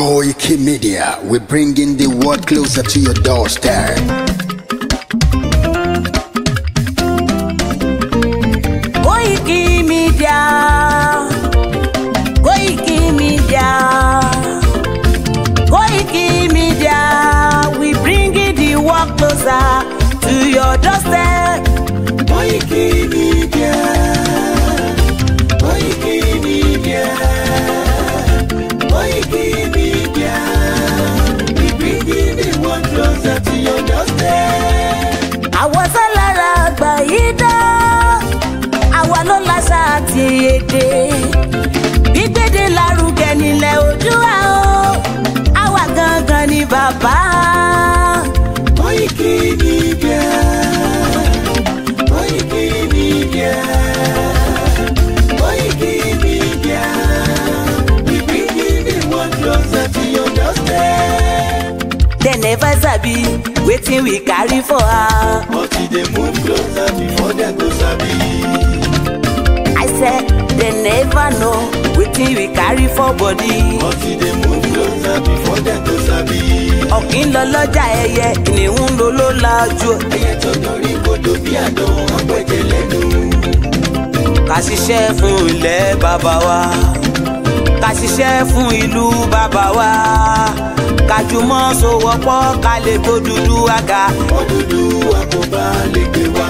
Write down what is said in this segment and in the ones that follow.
Koiki Media, we bringing the world closer to your doorstep. sabi wetin we carry for her. but e dey move closer before dem go sabi. i say dem never know wetin we carry for body. but e dey move closer before dem go sabi. ọ̀kìn lọ lọ́jà ẹyẹ kìnìún ló ló la ojú. ẹyẹ tó dorí kodò bí àdó ọgbẹ́jẹ lẹ́nu. ká ṣiṣẹ́ fún ilẹ̀ bàbá wa ká ṣiṣẹ́ fún ìlú bàbá wa kájùmọ̀ sowọ́pọ̀ ká lè tó dúdú àga. òdúdú àkóbá lè gbé wá.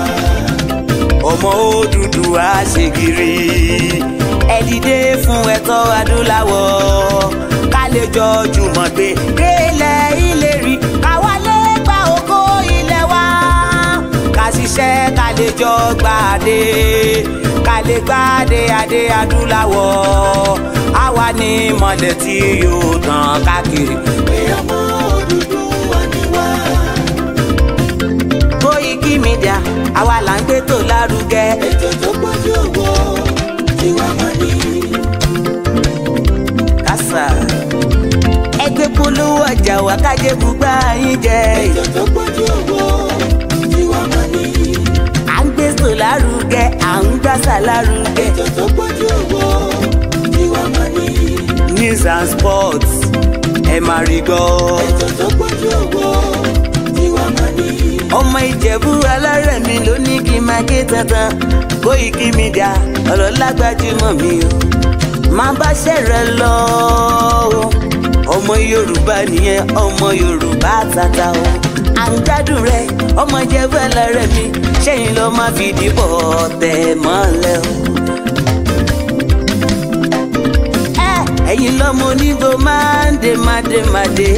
ọmọ òdúdú á ṣe gírí. ẹ dìde fún ẹ̀tọ́ adúláwọ̀ ká lè jọ jùmọ̀ gbé délẹ̀ ìlérí káwálé gba oko ilé wa ká ṣiṣẹ́ ká lè jọ gbàdé ká lè gbàdé adé adúláwọ̀ wa ní mọ̀lẹ̀ tí yóò tàn káàkiri. ọmọ Odùduwà ni wá. Koiki Media àwa là ń gbé tó lárugẹ. ètò tó pọ̀jù owó tí wàá mọ̀ ní. kásà ẹgbẹ́ polówó ọjà wa kájé bùgbà yín jẹ. ètò tó pọ̀jù owó tí wàá mọ̀ ní. à ń gbé tó lárugẹ à ń gbàsà lárugẹ. ètò tó pọ̀jù owó news and sports ẹ máa rí gbọ́. ètò tó pọ̀jù owó tiwa máa ní. ọmọ ìjẹ̀bú alárẹ̀mí ló ní kí n máa ké tantan Koiki Media ọ̀rọ̀ lágbájúmọ̀ mi o máa bá ṣẹ̀rẹ̀ lọ ọmọ Yorùbá nìyẹn ọmọ Yorùbá tata o à ń gbádùn rẹ ọmọ ìjẹ̀bú alárẹ̀mí ṣẹ́yìn ló máa fi dìbò tẹ̀ mọ́lẹ̀ o. ẹ̀yin lọ́mọ onígbò máa ń dé máa dé máa dé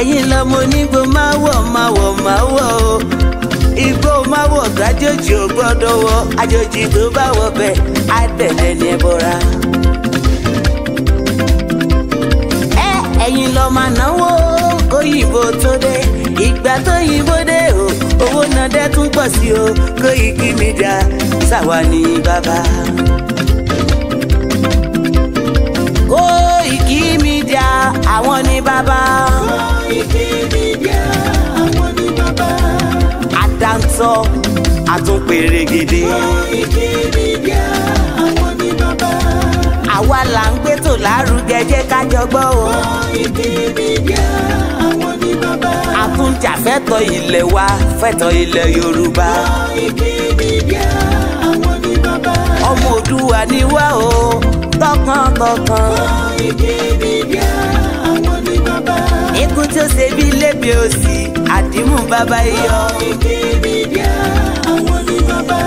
ẹ̀yin lọ́mọ onígbò máa wọ̀ máa wọ̀ máa wọ̀ o igbó máa wọ̀ tó àjòjì ò gbọ́dọ̀ wọ̀ àjòjì tó bá wọ̀ bẹ́ẹ̀ á ní ẹbọra. ẹ ẹ̀yin lọ máa náwó tó dé ìgbà tó yìnbó dé o owó náà dẹ́ tún pọ̀ sí o kóyìkí mi dá sáwa ní bàbá. Koiki Media àwọn ni bàbá. Koiki Media àwọn ni bàbá. àdáńtọ́ àtúnpèrè gidi. Koiki Media àwọn ni bàbá. àwa là ń gbé tò lárugẹ jẹ́ ká jọ gbọ́ o. Koiki Media àwọn ni bàbá. àtúnjà fẹ́tọ̀ ilẹ̀ wa fẹ́tọ̀ ilẹ̀ Yorùbá. Koiki ọmọ Òduwà ni wá o tọkàntọkàn. Fọ́ igi bíbí àwọn ní bàbá. Ikú tí ó ṣe bí lébi òsì, àdìmú bàbá iyọ̀. Fọ́ igi bíbí àwọn ní bàbá.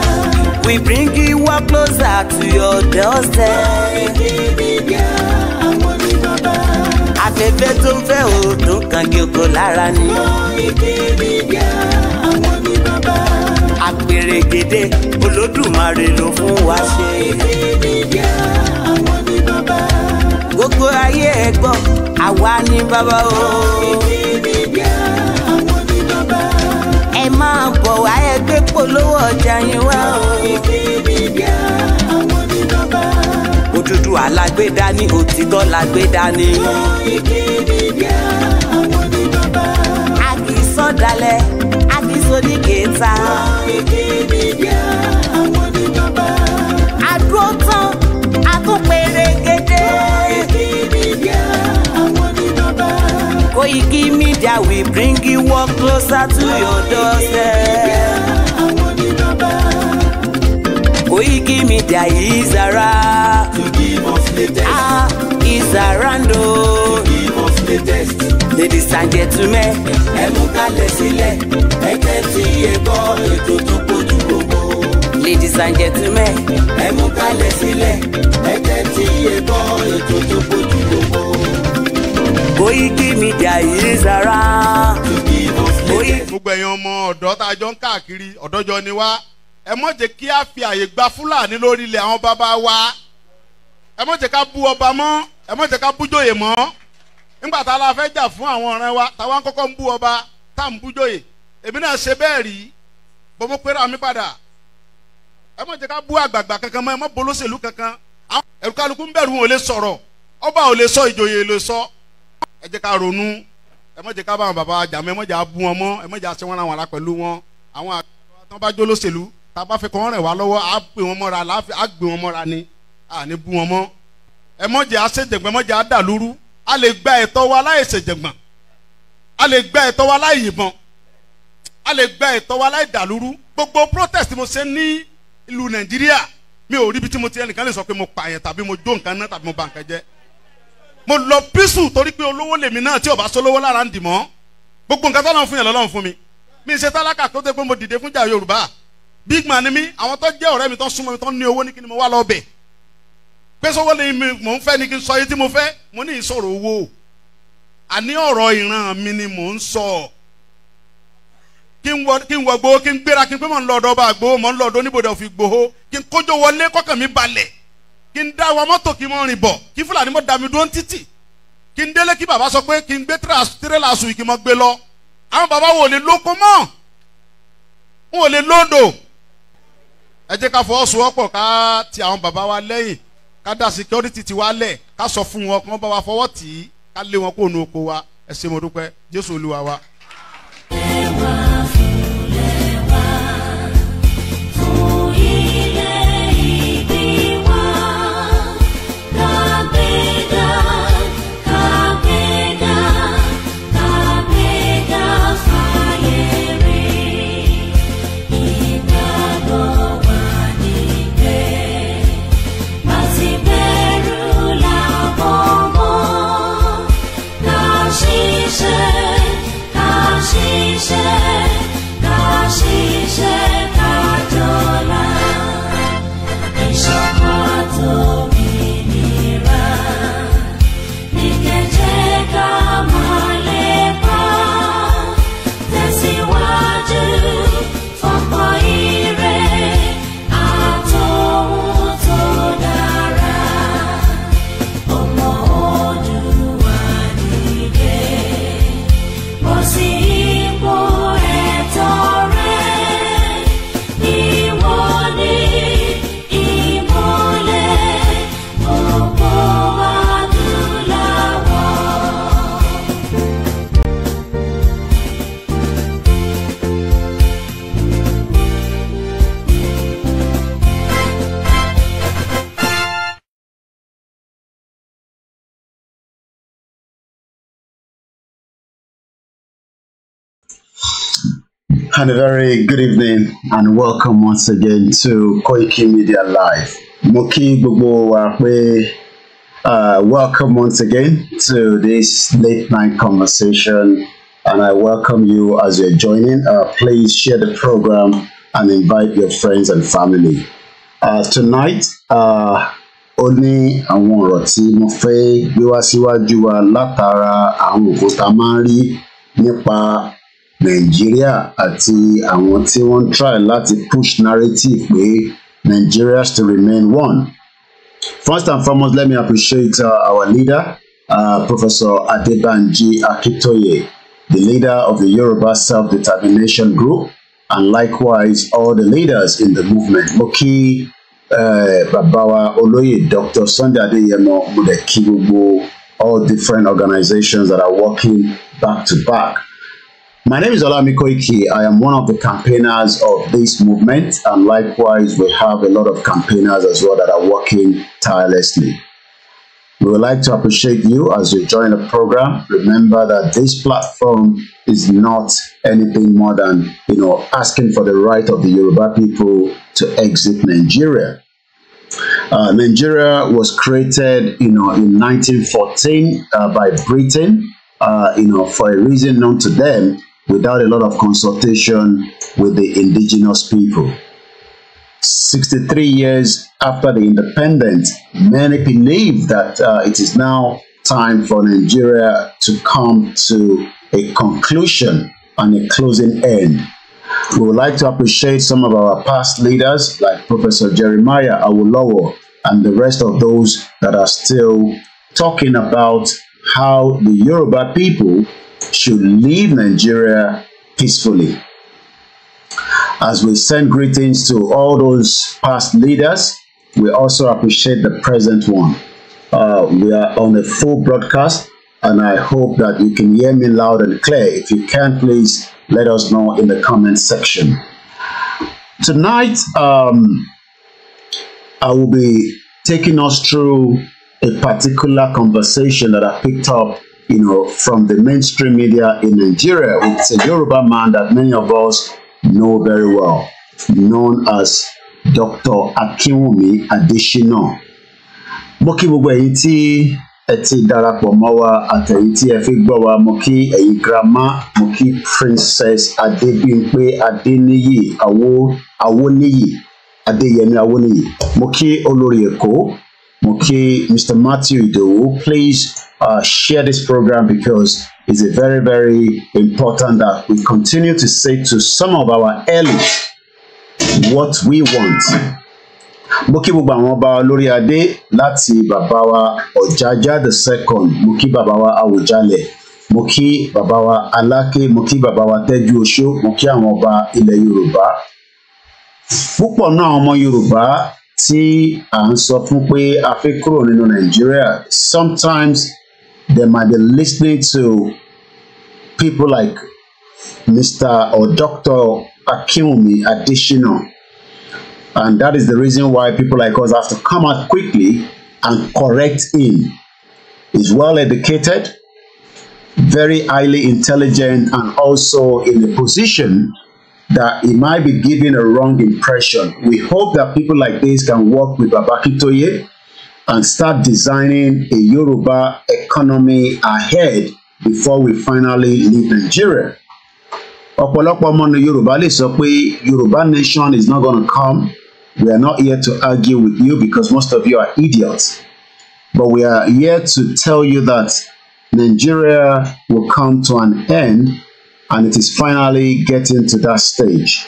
We bring you work closer to your doorstep. Fọ́ igi bíbí àwọn ní bàbá. Afẹ́fẹ́ tó ń fẹ́ òòdùn kan gé oko lára ni. Fọ́ igi bíbí àwọn ní bàbá. Àpèrè gèdè Olódùmarè ló fún wa ṣe gbogbo ayé ẹ gbọ́ àwa ni bàbá o. ẹ máa bọ̀ wá ẹ gbé polówó ọjà yín wá o. òdúdú alágbèdá ní òtítọ́ lágbèdá ní. a kì í sọ̀dálẹ̀ a kì í sọ ní kẹta. àwọn Koiki Media, we bring you work closer to your doorstep. Koiki oh, Media is around. To give us latest. Ah, is around. To give us latest. Ladies and gentlemen, ẹ mú kalẹ̀ sílẹ̀, ẹ tẹ́tí ẹ ètò tó kojú gbogbo. Ladies and gentlemen, ẹ mú kalẹ̀ sílẹ̀, ẹ tẹ́tí ẹ ètò tó kojú. Koiki Media is around. gbogbo ẹ̀yin ọmọ ọ̀dọ́ tá a jọ ń káàkiri ọ̀dọ́jọ́ ni wá ẹ mọ̀ jẹ́ kí a fi àyè gba fúlàní lórí ilẹ̀ àwọn bàbá wa ẹ mọ̀ jẹ́ ká bú ọba mọ́ ẹ mọ̀ jẹ́ ká bújòyè mọ́ nígbà tá a la fẹ́ jà fún àwọn ọ̀rẹ́ wa táwa ń kọ́kọ́ ń bú ọba tá à ń bújòyè èmi náà ṣe bẹ́ẹ̀ rí bọ́ mo pera mi padà ẹ mọ̀ jẹ́ ká bú àgbààgbà kankan mọ́ ẹ mọ̀ bolóṣèlú kankan ẹ̀rù kálukú ń bẹ̀rù wọn ò lè sọ̀rọ̀ ọba ò lè sọ ìjòyè lè sọ ẹ jẹ́ ká ronú ẹ má jẹ́ ká bá àwọn bàbá àjà mọ́ ẹ má jẹ́ abú wọn mọ́ ẹ má jẹ́ àṣẹ wọn làwọn ará pẹ̀lú wọn àwọn àgbà tán bá jó lóṣèlú tá a bá fẹ́ kọ́ wọn rẹ̀ wá lọ́wọ́ á gbé wọn mọ́ra láàfin á gbé wọn mọ́ra ni à ní bú wọn mọ́ ẹ má jẹ́ àṣejẹ̀gbọ́n ẹ má jẹ́ àdàlúrú a lè gba ẹ̀tọ́ wa láì ṣèjẹ̀gbọ́n a lè gba ẹ̀tọ́ wa láì a lè gba ẹ̀tọ́ wa láì gbogbo protest mo ṣe ní ìlú Nàìjíríà mi ò ríbi tí mo ti ẹnìkan lè sọ pé mo pààyàn tàbí mo jó nǹkan náà tàbí mo bà nǹkan jẹ́ mo lọ písù torí pé olówó lèmi náà tí ò bá sólówó lára ń dì mọ́ gbogbo nǹkan tọ́lọ́run fún yẹn lọ́lọ́run fún mi mi ṣe tálákà tó dé pé mo dìde fúnjà Yorùbá big man ni mí àwọn tó jẹ́ ọ̀rẹ́ mi tó súnmọ́ mi tó ní owó ní kí ni mo wá lọ bẹ̀ pé sọ́wọ́ ni mò ń fẹ́ ni kí n sọ yìí tí mo fẹ́ mo ní ìsọ̀rọ̀ owó àní ọ̀rọ̀ ìran mi ni mò ń sọ kí n wọ kí n wọ gbowó kí n gbéra kí n pé mò ń lọ ọ̀dọ̀ ọba àgbowó mò ń lọ ọ̀dọ̀ oníbodè òfin gbowó kí n kójó wọlé kọ́kàn mi balẹ̀ kí n dá wa mọ́tò kí n mọ́ rìn bọ̀ kí fúlàní mọ́ dàmí dúró ń títì kí n délé kí bàbá sọ pé kí n gbé tírélà sùn kí n mọ́ gbé lọ àwọn bàbá wo lè lóko mọ́ n lè lóńdò ẹ jẹ́ ká fọwọ́sowọ́pọ̀ ká ti àwọn bàbá wa lẹ́yìn ká dá security ti wa lẹ̀ ká sọ fún wọn kí wọ́n bá wa fọwọ́ tì í ká lé wọn kó nu oko wa ẹ ṣé mo dúpẹ́ Jésù Olúwa wa. 是谁？那是谁？And a very good evening and welcome once again to Koiki Media Live. Moki Bubu uh, welcome once again to this late night conversation and I welcome you as you're joining. Uh, please share the program and invite your friends and family. Uh, tonight, uh, ó ní àwọn ọ̀rọ̀ tí mo fẹ́ gbé àwọn òkúta máa nípa nàìjíríà àti àwọn tí wọn ń try láti push narrative pé nigeria still remain one first and foremost let me appreciate uh, our leader uh, professor adebanji akintoye the leader of the yoruba self-determination group and likewise all the leaders in the movement mo kí uh, bàbá wa dr sunday adéyẹmọ mo dẹ̀ gbogbo all different organizations that are working back to back My name is Olami Koiki. I am one of the campaigners of this movement, and likewise, we have a lot of campaigners as well that are working tirelessly. We would like to appreciate you as you join the program. Remember that this platform is not anything more than, you know, asking for the right of the Yoruba people to exit Nigeria. Uh, Nigeria was created, you know, in 1914 uh, by Britain, uh, you know, for a reason known to them, without a lot of consultation with the indigenous people. 63 years after the independence, many believe that uh, it is now time for Nigeria to come to a conclusion and a closing end. We would like to appreciate some of our past leaders like Professor Jeremiah Awolowo and the rest of those that are still talking about how the Yoruba people should leave Nigeria peacefully. As we send greetings to all those past leaders, we also appreciate the present one. Uh, we are on a full broadcast, and I hope that you can hear me loud and clear. If you can, please let us know in the comment section. Tonight, um, I will be taking us through a particular conversation that I picked up you know, from the mainstream media in Nigeria. It's a Yoruba man that many of us know very well, known as Dr. Akinwumi Adesina. Mo kí iti eti tí ẹ ti darapọ̀ mọ́ wa àtẹ̀yìn tí ẹ fi gbọ́ wa mo kí ẹ̀yin grandma mo kí princess Adébímpé Adéníyì Awó Awóníyì Adéyẹmí Awóníyì mo kí olórí Èkó Okay, Mr. Matthew Idowu please uh, share this program because it's a very very important that we continue to say to some of our elites what we want. mo kí gbogbo àwọn ọba olórí adé láti the second mo babawa awujale. wa babawa alake. kí babawa wa osho. mo amoba ile wa Tẹ́jú na mo kí tí à ń sọ fún pé a fẹ́ kúrò nínú nàìjíríà sometimes they might be listening to people like mr or dr akinwumi adesina and that is the reason why people like us have to come out quickly and correct him he's well educated very highly intelligent and also in a position that it might be giving a wrong impression. We hope that people like this can work with Babakitoye and start designing a Yoruba economy ahead before we finally leave Nigeria. ọ̀pọ̀lọpọ̀ ọmọ ní Yorùbá sọ pé Yorùbá nation is not gonna come we are not here to argue with you because most of you are idiots but we are here to tell you that Nigeria will come to an end and it is finally getting to that stage.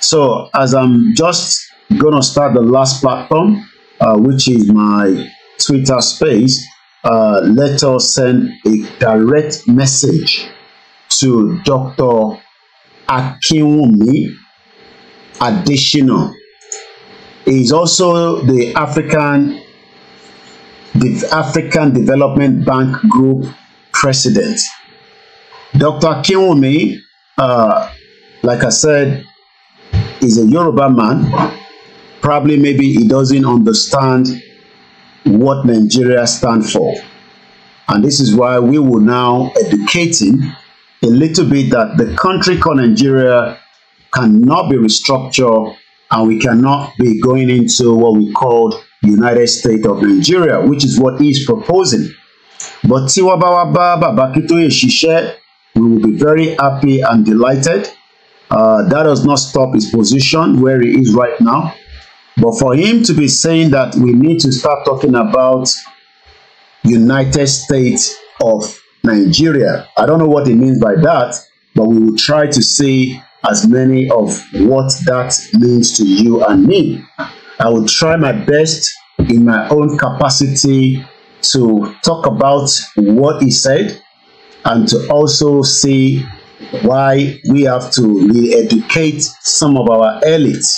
So as I'm just gonna start the last platform, uh, which is my Twitter space, uh, let us send a direct message to Dr. Akinwumi Adeshina. He's also the African the African Development Bank Group president. Dr. Kiwumi, uh, like I said, is a Yoruba man. Probably maybe he doesn't understand what Nigeria stands for. And this is why we will now educate him a little bit that the country called Nigeria cannot be restructured and we cannot be going into what we called United States of Nigeria, which is what he's proposing. But Tiwabawa Baba Bakitoye Shishe we will be very happy and delighted. Uh, that does not stop his position where he is right now. But for him to be saying that we need to start talking about United States of Nigeria, I don't know what he means by that, but we will try to see as many of what that means to you and me. I will try my best in my own capacity to talk about what he said and to also see why we have to re-educate some of our elites.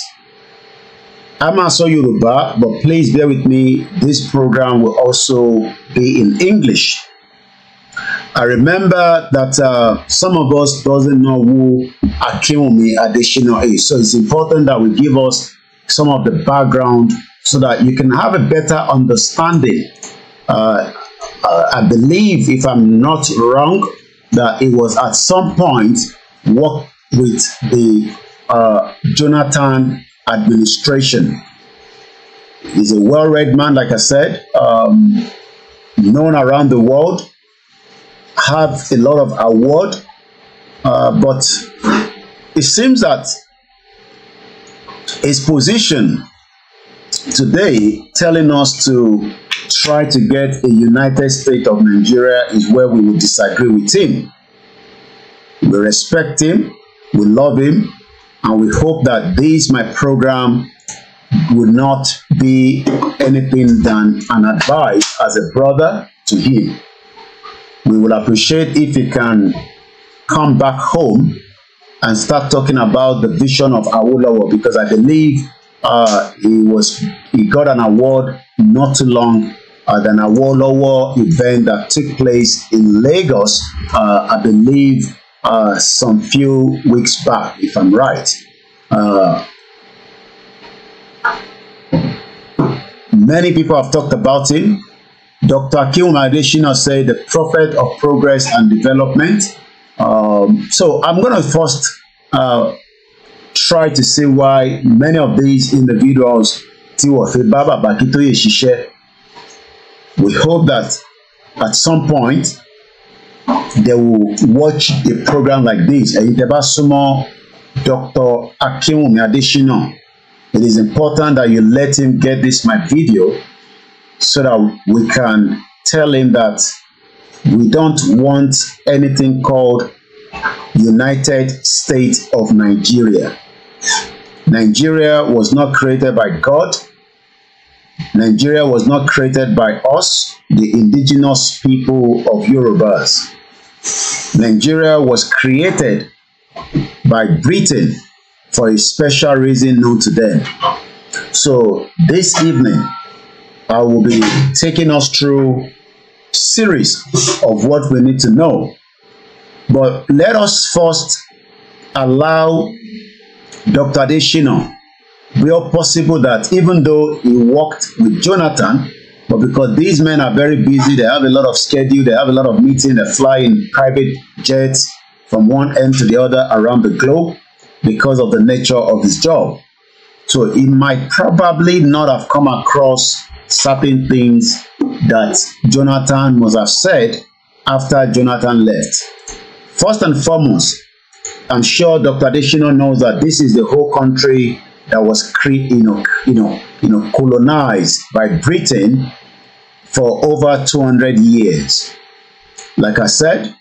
I'm also Yoruba, but please bear with me. This program will also be in English. I remember that uh, some of us doesn't know who Akimomi Adesina is, so it's important that we give us some of the background so that you can have a better understanding uh, uh, I believe, if I'm not wrong, that it was at some point worked with the uh, Jonathan administration. He's a well-read man, like I said, um, known around the world, have a lot of award, uh, but it seems that his position today telling us to try to get a united state of Nigeria is where we will disagree with him. We respect him, we love him, and we hope that this, my program, will not be anything than an advice as a brother to him. We will appreciate if he can come back home and start talking about the vision of Awolowo because I believe uh, he was he got an award not too long at uh, an award war lower event that took place in Lagos, uh, I believe, uh, some few weeks back, if I'm right. Uh, many people have talked about him. Dr. Akim Adeshina said the prophet of progress and development. Um, so I'm going to first uh, try to see why many of these individuals tí wọ́n fi bá bàbá Akíntóyè ṣiṣẹ́ we hope that at some point they will watch a program like this ẹ̀yin tẹ́ bá súnmọ́ Dr. Akinwumi Adesina it is important that you let him get this my video so that we can tell him that we don't want anything called United States of Nigeria. Nigeria was not created by God. Nigeria was not created by us, the indigenous people of Yorubas. Nigeria was created by Britain for a special reason known to them. So this evening, I will be taking us through series of what we need to know. But let us first allow Dr. Adeshina, real possible that even though he worked with Jonathan, but because these men are very busy, they have a lot of schedule, they have a lot of meeting, they fly in private jets from one end to the other around the globe because of the nature of his job. So he might probably not have come across certain things that Jonathan must have said after Jonathan left. First and foremost, I'm sure Dr. Adishino knows that this is the whole country that was you know, you know, you know, colonized by Britain for over 200 years. Like I said,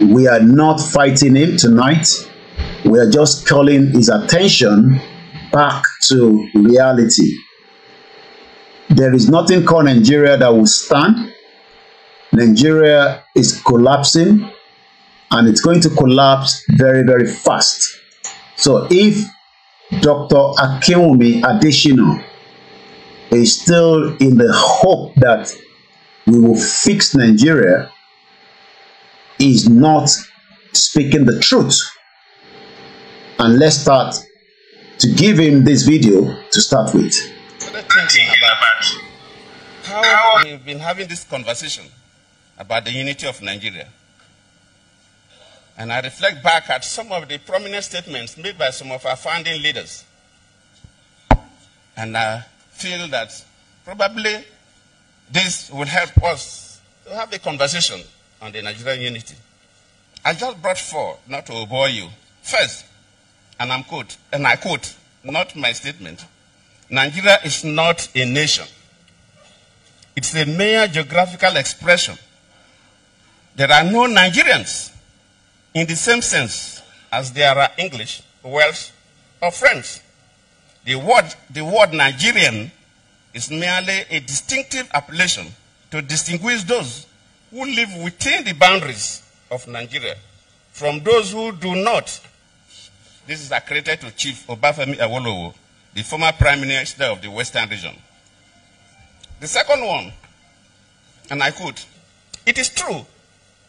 we are not fighting him tonight. We are just calling his attention back to reality. There is nothing called Nigeria that will stand. Nigeria is collapsing. and it's going to collapse very, very fast. So if Dr. Akinwumi Adeshina is still in the hope that we will fix Nigeria, is not speaking the truth. And let's start to give him this video to start with. Thinking about how we've been having this conversation about the unity of Nigeria. and I reflect back at some of the prominent statements made by some of our founding leaders, and I feel that probably this will help us to have a conversation on the Nigerian unity. I just brought four, not to bore you. First, and I'm quote, and I quote, not my statement. Nigeria is not a nation. It's a mere geographical expression. There are no Nigerians in the same sense as there are English, Welsh, or French. The word, the word Nigerian is merely a distinctive appellation to distinguish those who live within the boundaries of Nigeria from those who do not. This is accredited to Chief Obafemi Awolowo, the former Prime Minister of the Western region. The second one, and I quote, it is true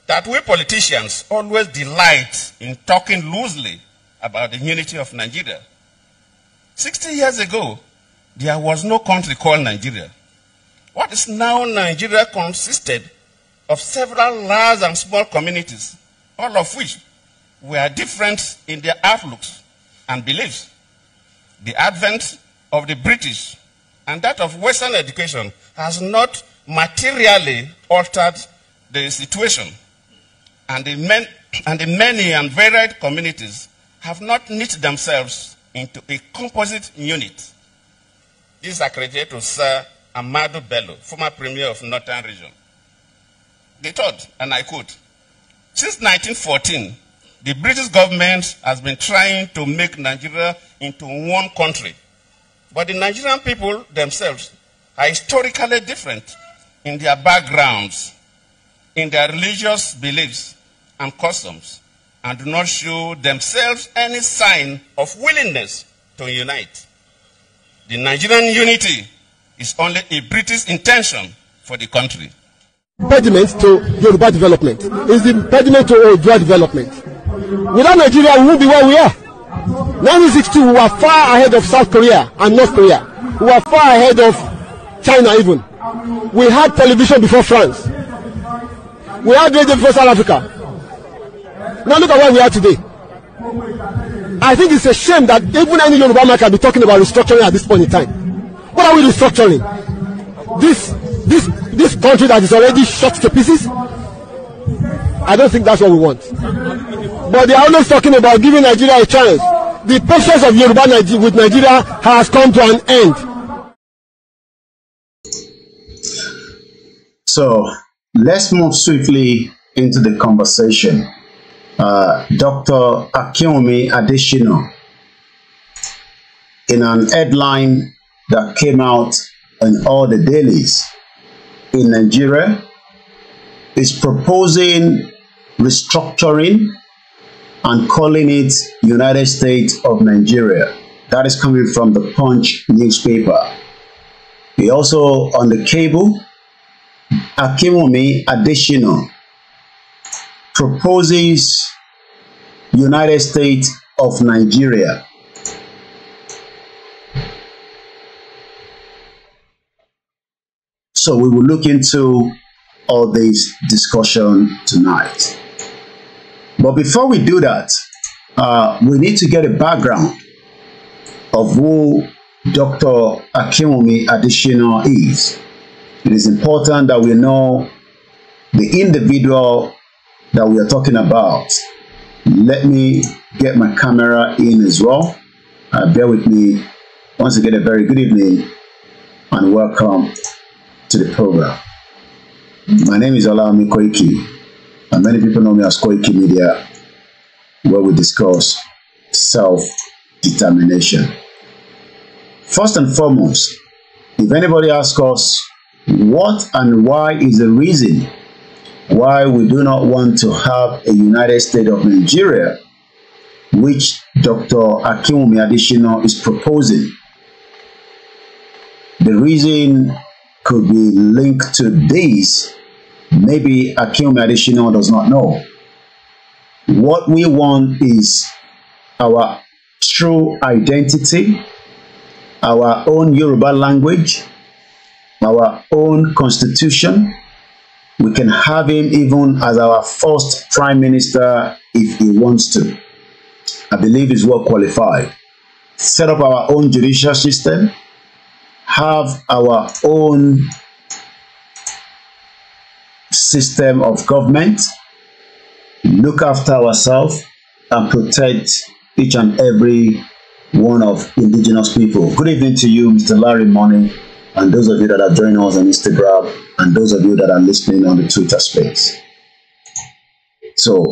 that we politicians always delight in talking loosely about the unity of Nigeria. 60 years ago, there was no country called Nigeria. What is now Nigeria consisted of several large and small communities, all of which were different in their outlooks and beliefs. The advent of the British and that of Western education has not materially altered the situation and the, men, and the many and varied communities have not knit themselves into a composite unit. This is accredited to Sir Amadu Bello, former Premier of Northern Region. They thought, and I quote, since 1914, the British government has been trying to make Nigeria into one country. But the Nigerian people themselves are historically different in their backgrounds, in their religious beliefs, and customs and do not show themselves any sign of willingness to unite. The Nigerian unity is only a British intention for the country. Impediment to Yoruba development is the impediment to Odua development. Without Nigeria, we won't be where we are. 1962, we were far ahead of South Korea and North Korea. We were far ahead of China even. We had television before France. We had radio before South Africa. Now look at where we are today. I think it's a shame that even any Yoruba man can be talking about restructuring at this point in time. What are we restructuring? This this this country that is already shot to pieces? I don't think that's what we want. But they are always talking about giving Nigeria a chance. The patience of Yoruba Niger with Nigeria has come to an end. So let's move swiftly into the conversation. Uh, Dr. Akiomi Adishino in an headline that came out in all the dailies in Nigeria is proposing restructuring and calling it United States of Nigeria. That is coming from the Punch newspaper. He also on the cable, Akimomi Adishino proposes United States of Nigeria. So we will look into all this discussion tonight. But before we do that, uh, we need to get a background of who Dr. Akimomi Adishino is. It is important that we know the individual that we are talking about. Let me get my camera in as well. Uh, bear with me. Once again, a very good evening and welcome to the program. My name is Olami Koiki, and many people know me as Koiki Media, where we discuss self-determination. First and foremost, if anybody asks us what and why is the reason why we do not want to have a United States of Nigeria, which Dr. Akinwumi Adishino is proposing. The reason could be linked to this. Maybe Akinwumi Adishino does not know. What we want is our true identity, our own Yoruba language, our own constitution, we can have him even as our first prime minister if he wants to. I believe he's well qualified. Set up our own judicial system, have our own system of government, look after ourselves, and protect each and every one of indigenous people. Good evening to you, Mr. Larry Money. and those of you that are joining us on Instagram, and those of you that are listening on the Twitter space. So,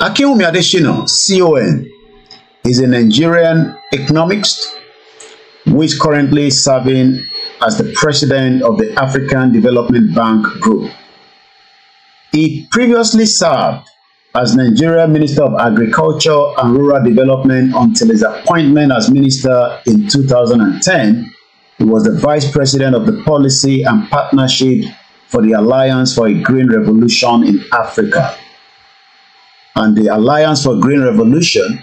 Akinwumi Adesina, CON, is a Nigerian economist who is currently serving as the president of the African Development Bank Group. He previously served as Nigeria Minister of Agriculture and Rural Development until his appointment as minister in 2010. He was the vice president of the Policy and Partnership for the Alliance for a Green Revolution in Africa. And the Alliance for Green Revolution,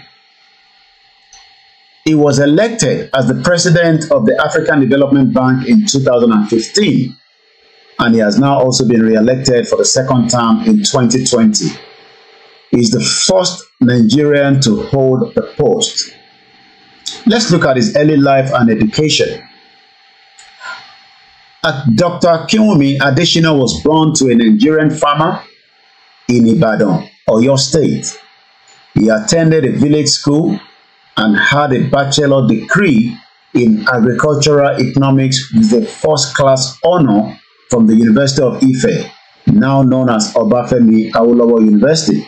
he was elected as the president of the African Development Bank in 2015, and he has now also been re-elected for the second term in 2020 is the first Nigerian to hold the post. Let's look at his early life and education. Dr. Kiwumi Adeshina was born to a Nigerian farmer in Ibadan, Oyo State. He attended a village school and had a bachelor degree in agricultural economics with a first-class honor from the University of Ife, now known as Obafemi Awolowo University.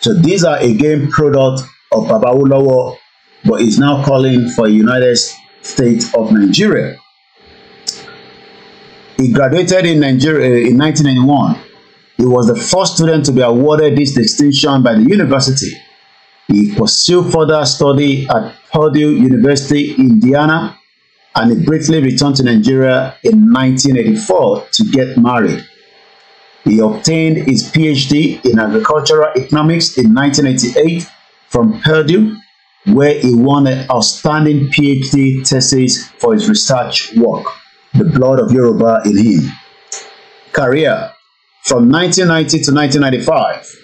So these are again product of Babawolowo, but is now calling for a United States of Nigeria. He graduated in Nigeria uh, in 1991. He was the first student to be awarded this distinction by the university. He pursued further study at Purdue University, Indiana, and he briefly returned to Nigeria in 1984 to get married. He obtained his PhD in agricultural economics in 1988 from Purdue, where he won an outstanding PhD thesis for his research work, The Blood of Yoruba in Him. Career From 1990 to 1995,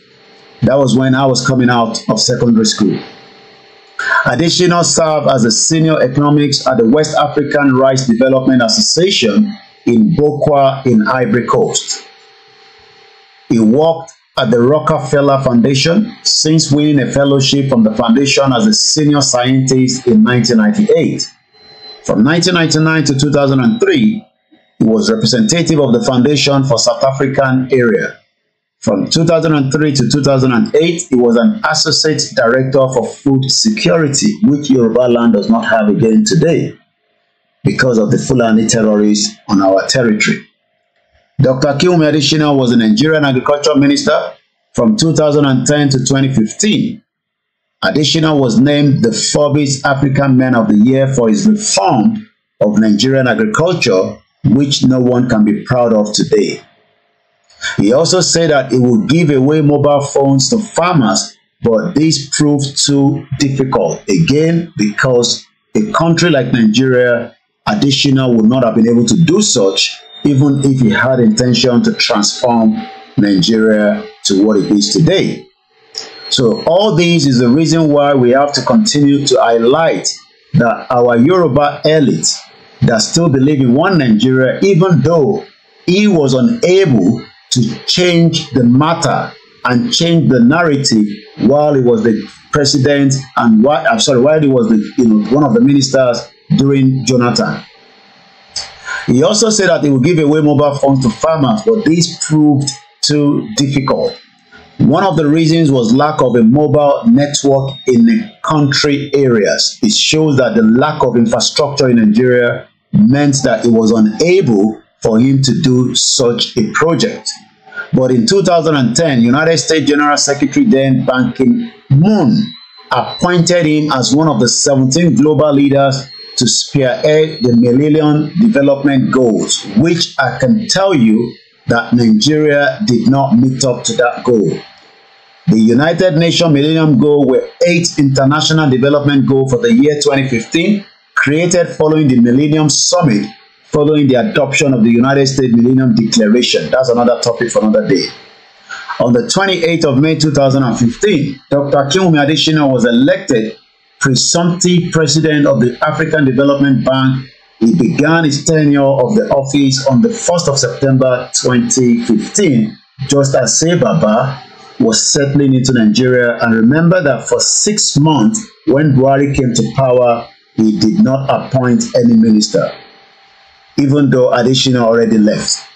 that was when I was coming out of secondary school. Additional served as a senior economics at the West African Rice Development Association in Bokwa in Ivory Coast. He worked at the Rockefeller Foundation since winning a fellowship from the foundation as a senior scientist in 1998. From 1999 to 2003, he was representative of the Foundation for South African Area. From 2003 to 2008, he was an associate director for food security, which Yoruba land does not have again today because of the Fulani terrorists on our territory. Dr. Kiyomi Adesina was a Nigerian agriculture minister from 2010 to 2015. Adesina was named the Forbes African Man of the Year for his reform of Nigerian agriculture, which no one can be proud of today. He also said that he would give away mobile phones to farmers, but this proved too difficult, again, because a country like Nigeria, Adesina would not have been able to do such even if he had intention to transform Nigeria to what it is today. So all these is the reason why we have to continue to highlight that our Yoruba elite that still believe in one Nigeria, even though he was unable to change the matter and change the narrative while he was the president and what I'm sorry, while he was the you know one of the ministers during Jonathan. He also said that he would give away mobile phones to farmers, but this proved too difficult. One of the reasons was lack of a mobile network in the country areas. It shows that the lack of infrastructure in Nigeria meant that it was unable for him to do such a project. But in 2010, United States General Secretary then Ban Ki-moon appointed him as one of the 17 global leaders to spearhead the Millennium Development Goals, which I can tell you that Nigeria did not meet up to that goal. The United Nations Millennium Goal were eight international development goals for the year 2015, created following the Millennium Summit, following the adoption of the United States Millennium Declaration. That's another topic for another day. On the 28th of May 2015, Dr. Akinwumi Adesina was elected presumptive president of the African Development Bank, he began his tenure of the office on the 1st of September 2015, just as Sei Baba was settling into Nigeria. And remember that for six months, when Buhari came to power, he did not appoint any minister, even though Adesina already left.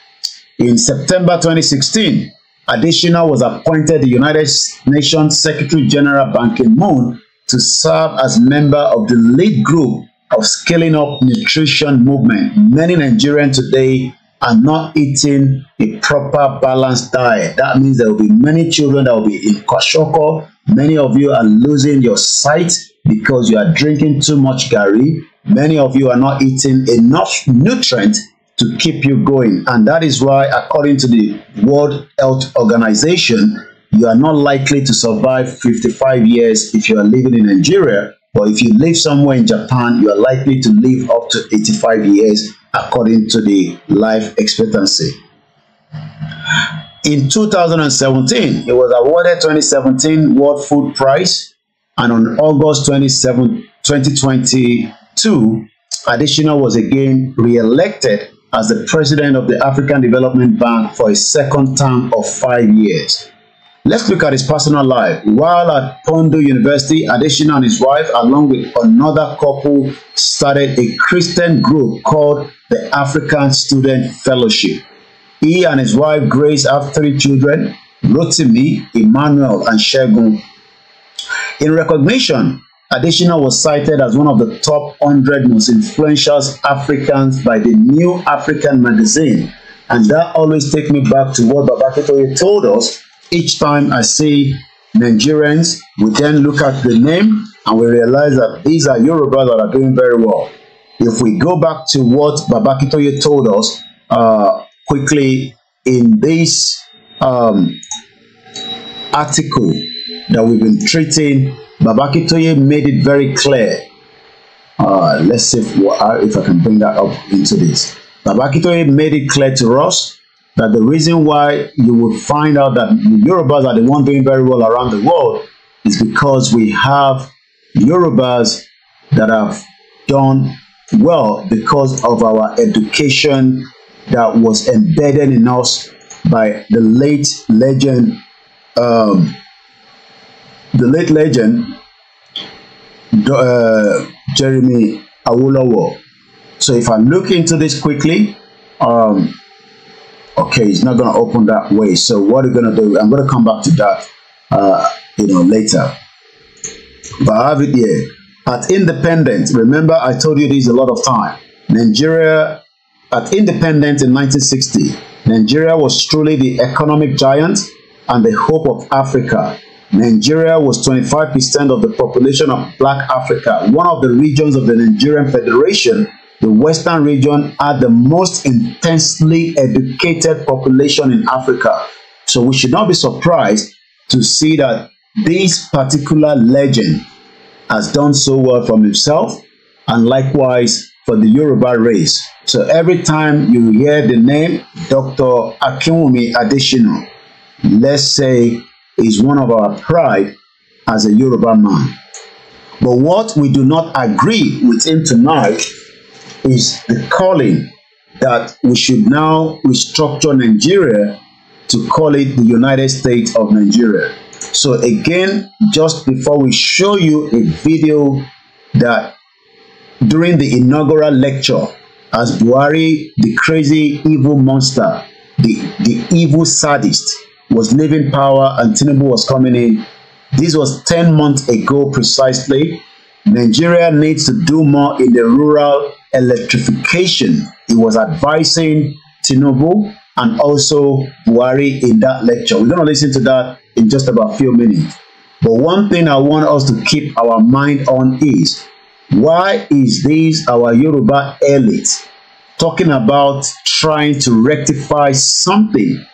In September 2016, Adesina was appointed the United Nations Secretary General Ban Ki-moon to serve as member of the lead group of scaling up nutrition movement. Many Nigerians today are not eating a proper balanced diet. That means there will be many children that will be in kwashoko. Many of you are losing your sight because you are drinking too much Gary. Many of you are not eating enough nutrients to keep you going. And that is why, according to the World Health Organization, you are not likely to survive 55 years if you are living in Nigeria, but if you live somewhere in Japan, you are likely to live up to 85 years according to the life expectancy. In 2017, it was awarded 2017 World Food Prize, and on August 27, 2022, Additional was again re-elected as the president of the African Development Bank for a second term of five years. Let's look at his personal life. While at Pondo University, Adesina and his wife, along with another couple, started a Christian group called the African Student Fellowship. He and his wife, Grace, have three children, Rotimi, Emmanuel, and Shegun. In recognition, Adesina was cited as one of the top 100 most influential Africans by the New African magazine. And that always takes me back to what Babakitoye told us Each time I see Nigerians, we then look at the name and we realize that these are Yoruba that are doing very well. If we go back to what Babakitoye told us uh, quickly in this um, article that we've been treating, Babakitoye made it very clear. Uh, let's see if, if I can bring that up into this. Babakitoye made it clear to us that the reason why you would find out that Yorubas are the one doing very well around the world is because we have Yorubas that have done well because of our education that was embedded in us by the late legend um, the late legend uh, Jeremy Awolowo. So if I look into this quickly, um, okay it's not going to open that way so what are you going to do i'm going to come back to that uh, you know later but i have it here at independence remember i told you this a lot of time nigeria at independence in 1960 nigeria was truly the economic giant and the hope of africa nigeria was 25 percent of the population of black africa one of the regions of the nigerian federation the Western region had the most intensely educated population in Africa. So we should not be surprised to see that this particular legend has done so well from himself and likewise for the Yoruba race. So every time you hear the name Dr. Akinwumi Adesina, let's say is one of our pride as a Yoruba man. But what we do not agree with him tonight is the calling that we should now restructure Nigeria to call it the United States of Nigeria. So again, just before we show you a video that during the inaugural lecture as Buhari, the crazy evil monster, the, the evil sadist, was leaving power and Tinubu was coming in. This was 10 months ago precisely. Nigeria needs to do more in the rural electrification. He was advising Tinubu and also Buhari in that lecture. We're going to listen to that in just about a few minutes. But one thing I want us to keep our mind on is, why is this our Yoruba elite talking about trying to rectify something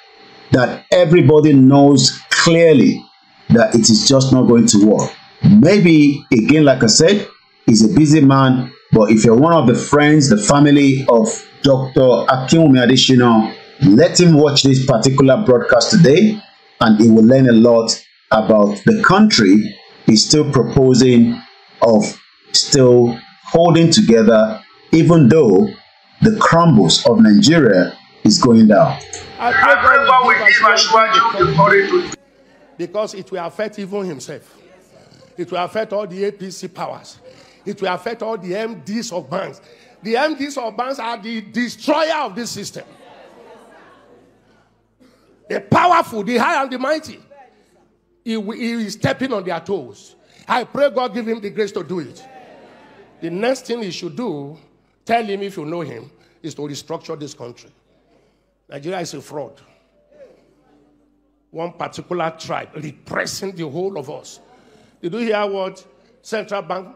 that everybody knows clearly that it is just not going to work? Maybe, again, like I said, he's a busy man But if you're one of the friends, the family of Dr. Akinwumi Adishino, let him watch this particular broadcast today and he will learn a lot about the country he's still proposing of still holding together even though the crumbles of Nigeria is going down. Because it will affect even himself. It will affect all the APC powers. it will affect all the MDs of banks. The MDs of banks are the destroyer of this system. The powerful, the high and the mighty. He, he is stepping on their toes. I pray God give him the grace to do it. The next thing he should do, tell him if you know him, is to restructure this country. Nigeria is a fraud. One particular tribe repressing the whole of us. Did you hear what Central Bank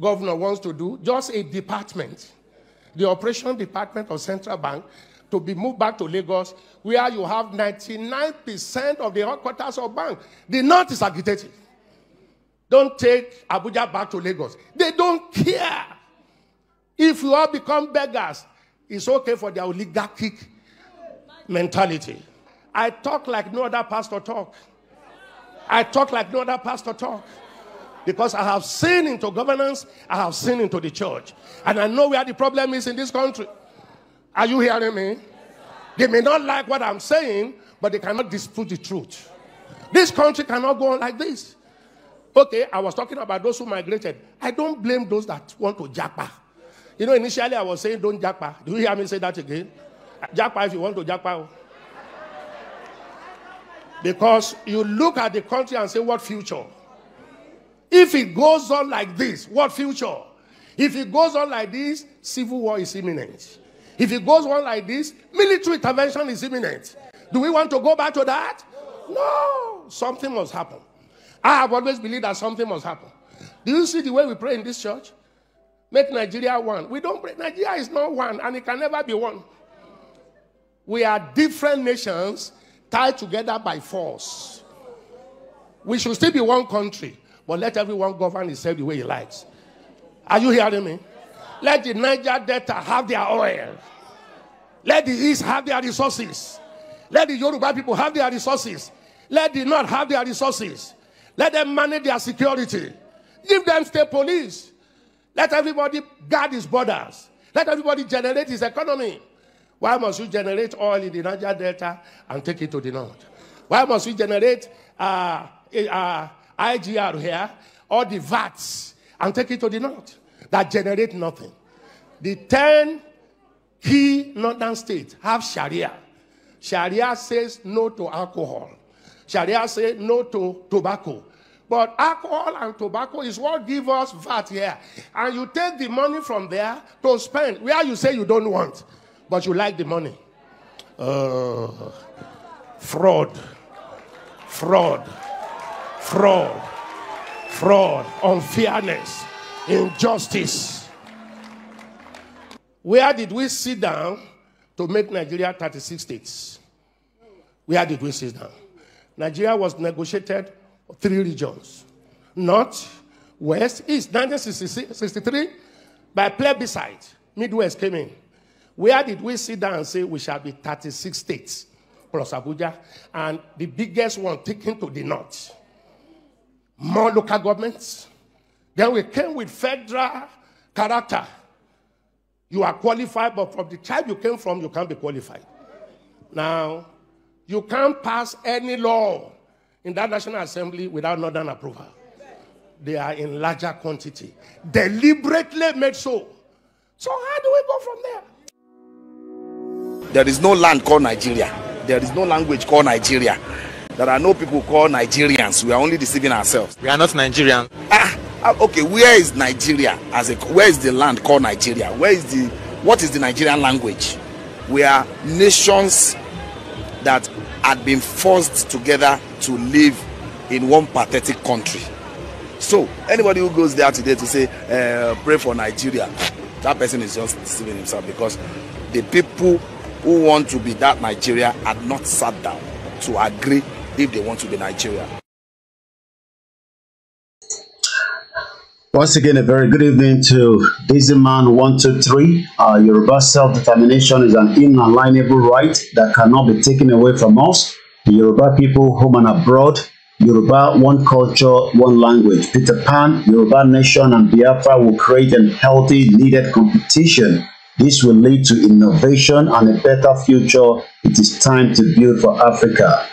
governor wants to do, just a department, the operation department of central bank, to be moved back to Lagos, where you have 99% of the headquarters of bank. The north is agitated. Don't take Abuja back to Lagos. They don't care. If you all become beggars, it's okay for their oligarchic mentality. I talk like no other pastor talk. I talk like no other pastor talk. Because I have seen into governance, I have seen into the church. And I know where the problem is in this country. Are you hearing me? They may not like what I'm saying, but they cannot dispute the truth. This country cannot go on like this. Okay, I was talking about those who migrated. I don't blame those that want to jackpa. You know, initially I was saying don't jackpa. Do you hear me say that again? Jackpa if you want to jackpa. Because you look at the country and say, what future? If it goes on like this, what future? If it goes on like this, civil war is imminent. If it goes on like this, military intervention is imminent. Do we want to go back to that? No. Something must happen. I have always believed that something must happen. Do you see the way we pray in this church? Make Nigeria one. We don't pray. Nigeria is not one and it can never be one. We are different nations tied together by force. We should still be one country. But let everyone govern himself the way he likes. Are you hearing me? Let the Niger Delta have their oil. Let the East have their resources. Let the Yoruba people have their resources. Let the North have their resources. Let them manage their security. Give them state police. Let everybody guard his borders. Let everybody generate his economy. Why must we generate oil in the Niger Delta and take it to the north? Why must we generate uh, uh, IGR here, all the VATs, and take it to the north that generate nothing. The 10 key northern states have Sharia. Sharia says no to alcohol. Sharia says no to tobacco. But alcohol and tobacco is what give us VAT here. And you take the money from there to spend where you say you don't want, but you like the money. Uh, fraud. Fraud fraud, fraud, unfairness, injustice. Where did we sit down to make Nigeria 36 states? Where did we sit down? Nigeria was negotiated three regions North, West, East, 1963 by plebiscite. Midwest came in. Where did we sit down and say we shall be 36 states plus Abuja and the biggest one taken to the north? more local governments. Then we came with federal character. You are qualified, but from the tribe you came from, you can't be qualified. Now, you can't pass any law in that National Assembly without Northern approval. They are in larger quantity, deliberately made so. So, how do we go from there? There is no land called Nigeria, there is no language called Nigeria. There are no people called Nigerians. We are only deceiving ourselves. We are not Nigerians. Ah, ah, okay. Where is Nigeria as a? Where is the land called Nigeria? Where is the? What is the Nigerian language? We are nations that had been forced together to live in one pathetic country. So anybody who goes there today to say uh, pray for Nigeria, that person is just deceiving himself because the people who want to be that Nigeria had not sat down to agree if they want to be Nigeria. Once again, a very good evening to Daisy Man 123. Uh, Yoruba self determination is an inalienable right that cannot be taken away from us. The Yoruba people, home and abroad, Yoruba, one culture, one language. Peter Pan, Yoruba Nation, and Biafra will create a healthy, needed competition. This will lead to innovation and a better future. It is time to build for Africa.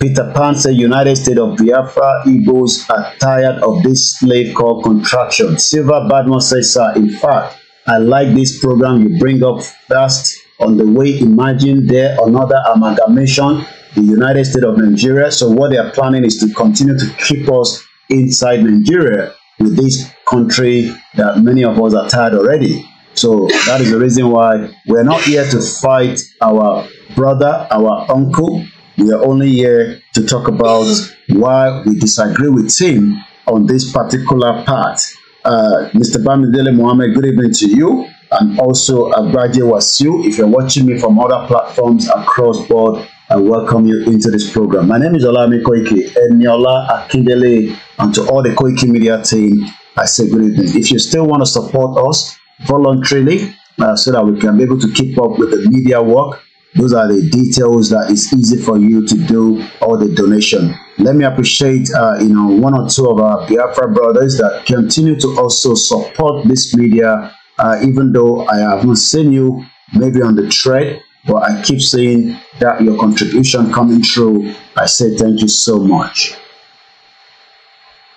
Peter Pan said, United States of Biafra, Eagles are tired of this slave called contraction. Silver Badmore says, sir, in fact, I like this program you bring up first on the way. Imagine there another amalgamation, the United States of Nigeria. So what they are planning is to continue to keep us inside Nigeria with this country that many of us are tired already. So that is the reason why we're not here to fight our brother, our uncle, we're only here to talk about why we disagree with him on this particular part. Uh, Mr. Bamidele Mohammed, good evening to you. And also Agbaje Wasu, if you're watching me from other platforms across board, I welcome you into this program. My name is Olami Koike, Eniola Akindele, and to all the Koike Media team, I say good evening. If you still want to support us voluntarily, uh, so that we can be able to keep up with the media work those are the details that it's easy for you to do all the donation. Let me appreciate uh, you know one or two of our Biafra brothers that continue to also support this media, uh, even though I haven't seen you maybe on the thread, but I keep seeing that your contribution coming through. I say thank you so much.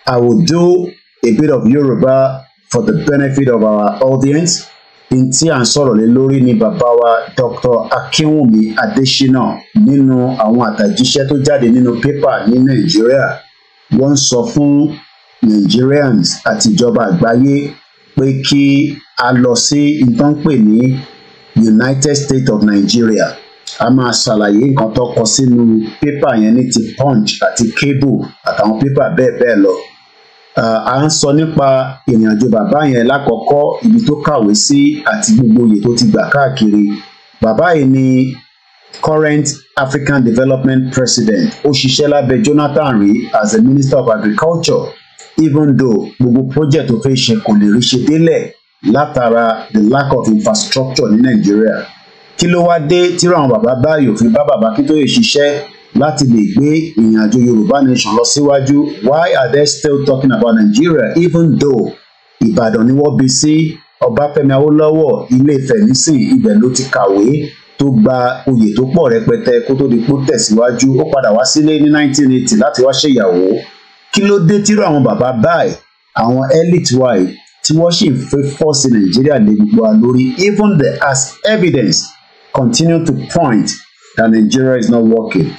I will do a bit of Yoruba for the benefit of our audience. n tí à ń sọ̀rọ̀ lé lórí ni bàbá wa Dr. Akínwùmí Adésínà nínú àwọn àtàjíṣẹ́ tó jáde nínú pépà ní Nàìjíríà wọ́n ń sọ fún Nigerians àti ìjọba àgbáyé pé kí a lọ sí nǹkan ní United States of Nigeria a máa ṣàlàyé nǹkan tó kọ sínú pépà yẹn ní ti Punch àti Cable àtàwọn pépà bẹ́ẹ̀ bẹ́ẹ̀ lọ à ń sọ nípa ìrìnàjò bàbá yẹn lákọ̀ọ́kọ́ ibi tó kàwé sí àti gbogbo oyè tó ti gbà káàkiri bàbá yìí ni current African Development President ó ṣiṣẹ́ lábẹ́ Jonathan rí as a Minister of Agriculture even though gbogbo project tó fẹ́ ṣe kò lè rí ṣe délẹ̀ látara the lack of infrastructure ní Nigeria. kí ló wá dé tíra àwọn bàbá báyìí òfin bá bàbá Akíntóyè ṣiṣẹ́ láti lè gbé ìrìnàjò Yorùbá nation lọ síwájú why are they still talking about Nigeria even though Ìbàdàn ni wọ́n bí sí Ọbáfẹ́mi Awólọ́wọ̀ Ilé-Ifẹ̀ nísìn ibẹ̀ ló ti kàwé tó gba oyè tó pọ̀ rẹpẹtẹ kó tó di pé ó tẹ̀síwájú ó padà wá sílé ní 1980 láti wá ṣèyàwó kí ló dé tírú àwọn bàbá báyìí àwọn elite wáyé tí wọ́n sì ń fẹ́ fọ́ọ̀sì Nàìjíríà lè gbogbo wa lórí even the as evidence continue to point that Nigeria is not working